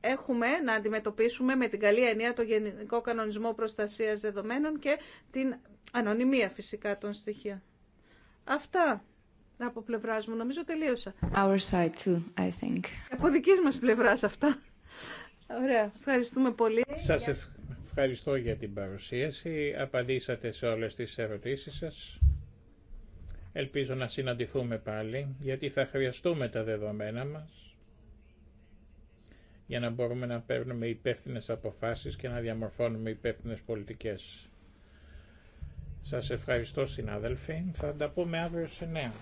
έχουμε να αντιμετωπίσουμε με την καλή ενία το Γενικό Κανονισμό Προστασίας Δεδομένων και την ανωνυμία φυσικά των στοιχείων. Αυτά από πλευρά μου. Νομίζω τελείωσα. Our side too, I think. Από δική μα πλευρά αυτά. Ωραία. Ευχαριστούμε πολύ. Σα ευχαριστώ για την παρουσίαση. Απαντήσατε σε όλε τι ερωτήσει σα. Ελπίζω να συναντηθούμε πάλι, γιατί θα χρειαστούμε τα δεδομένα μας για να μπορούμε να παίρνουμε υπεύθυνε αποφάσεις και να διαμορφώνουμε υπεύθυνε πολιτικές. Σας ευχαριστώ συνάδελφοι. Θα τα πούμε αύριο σε νέα.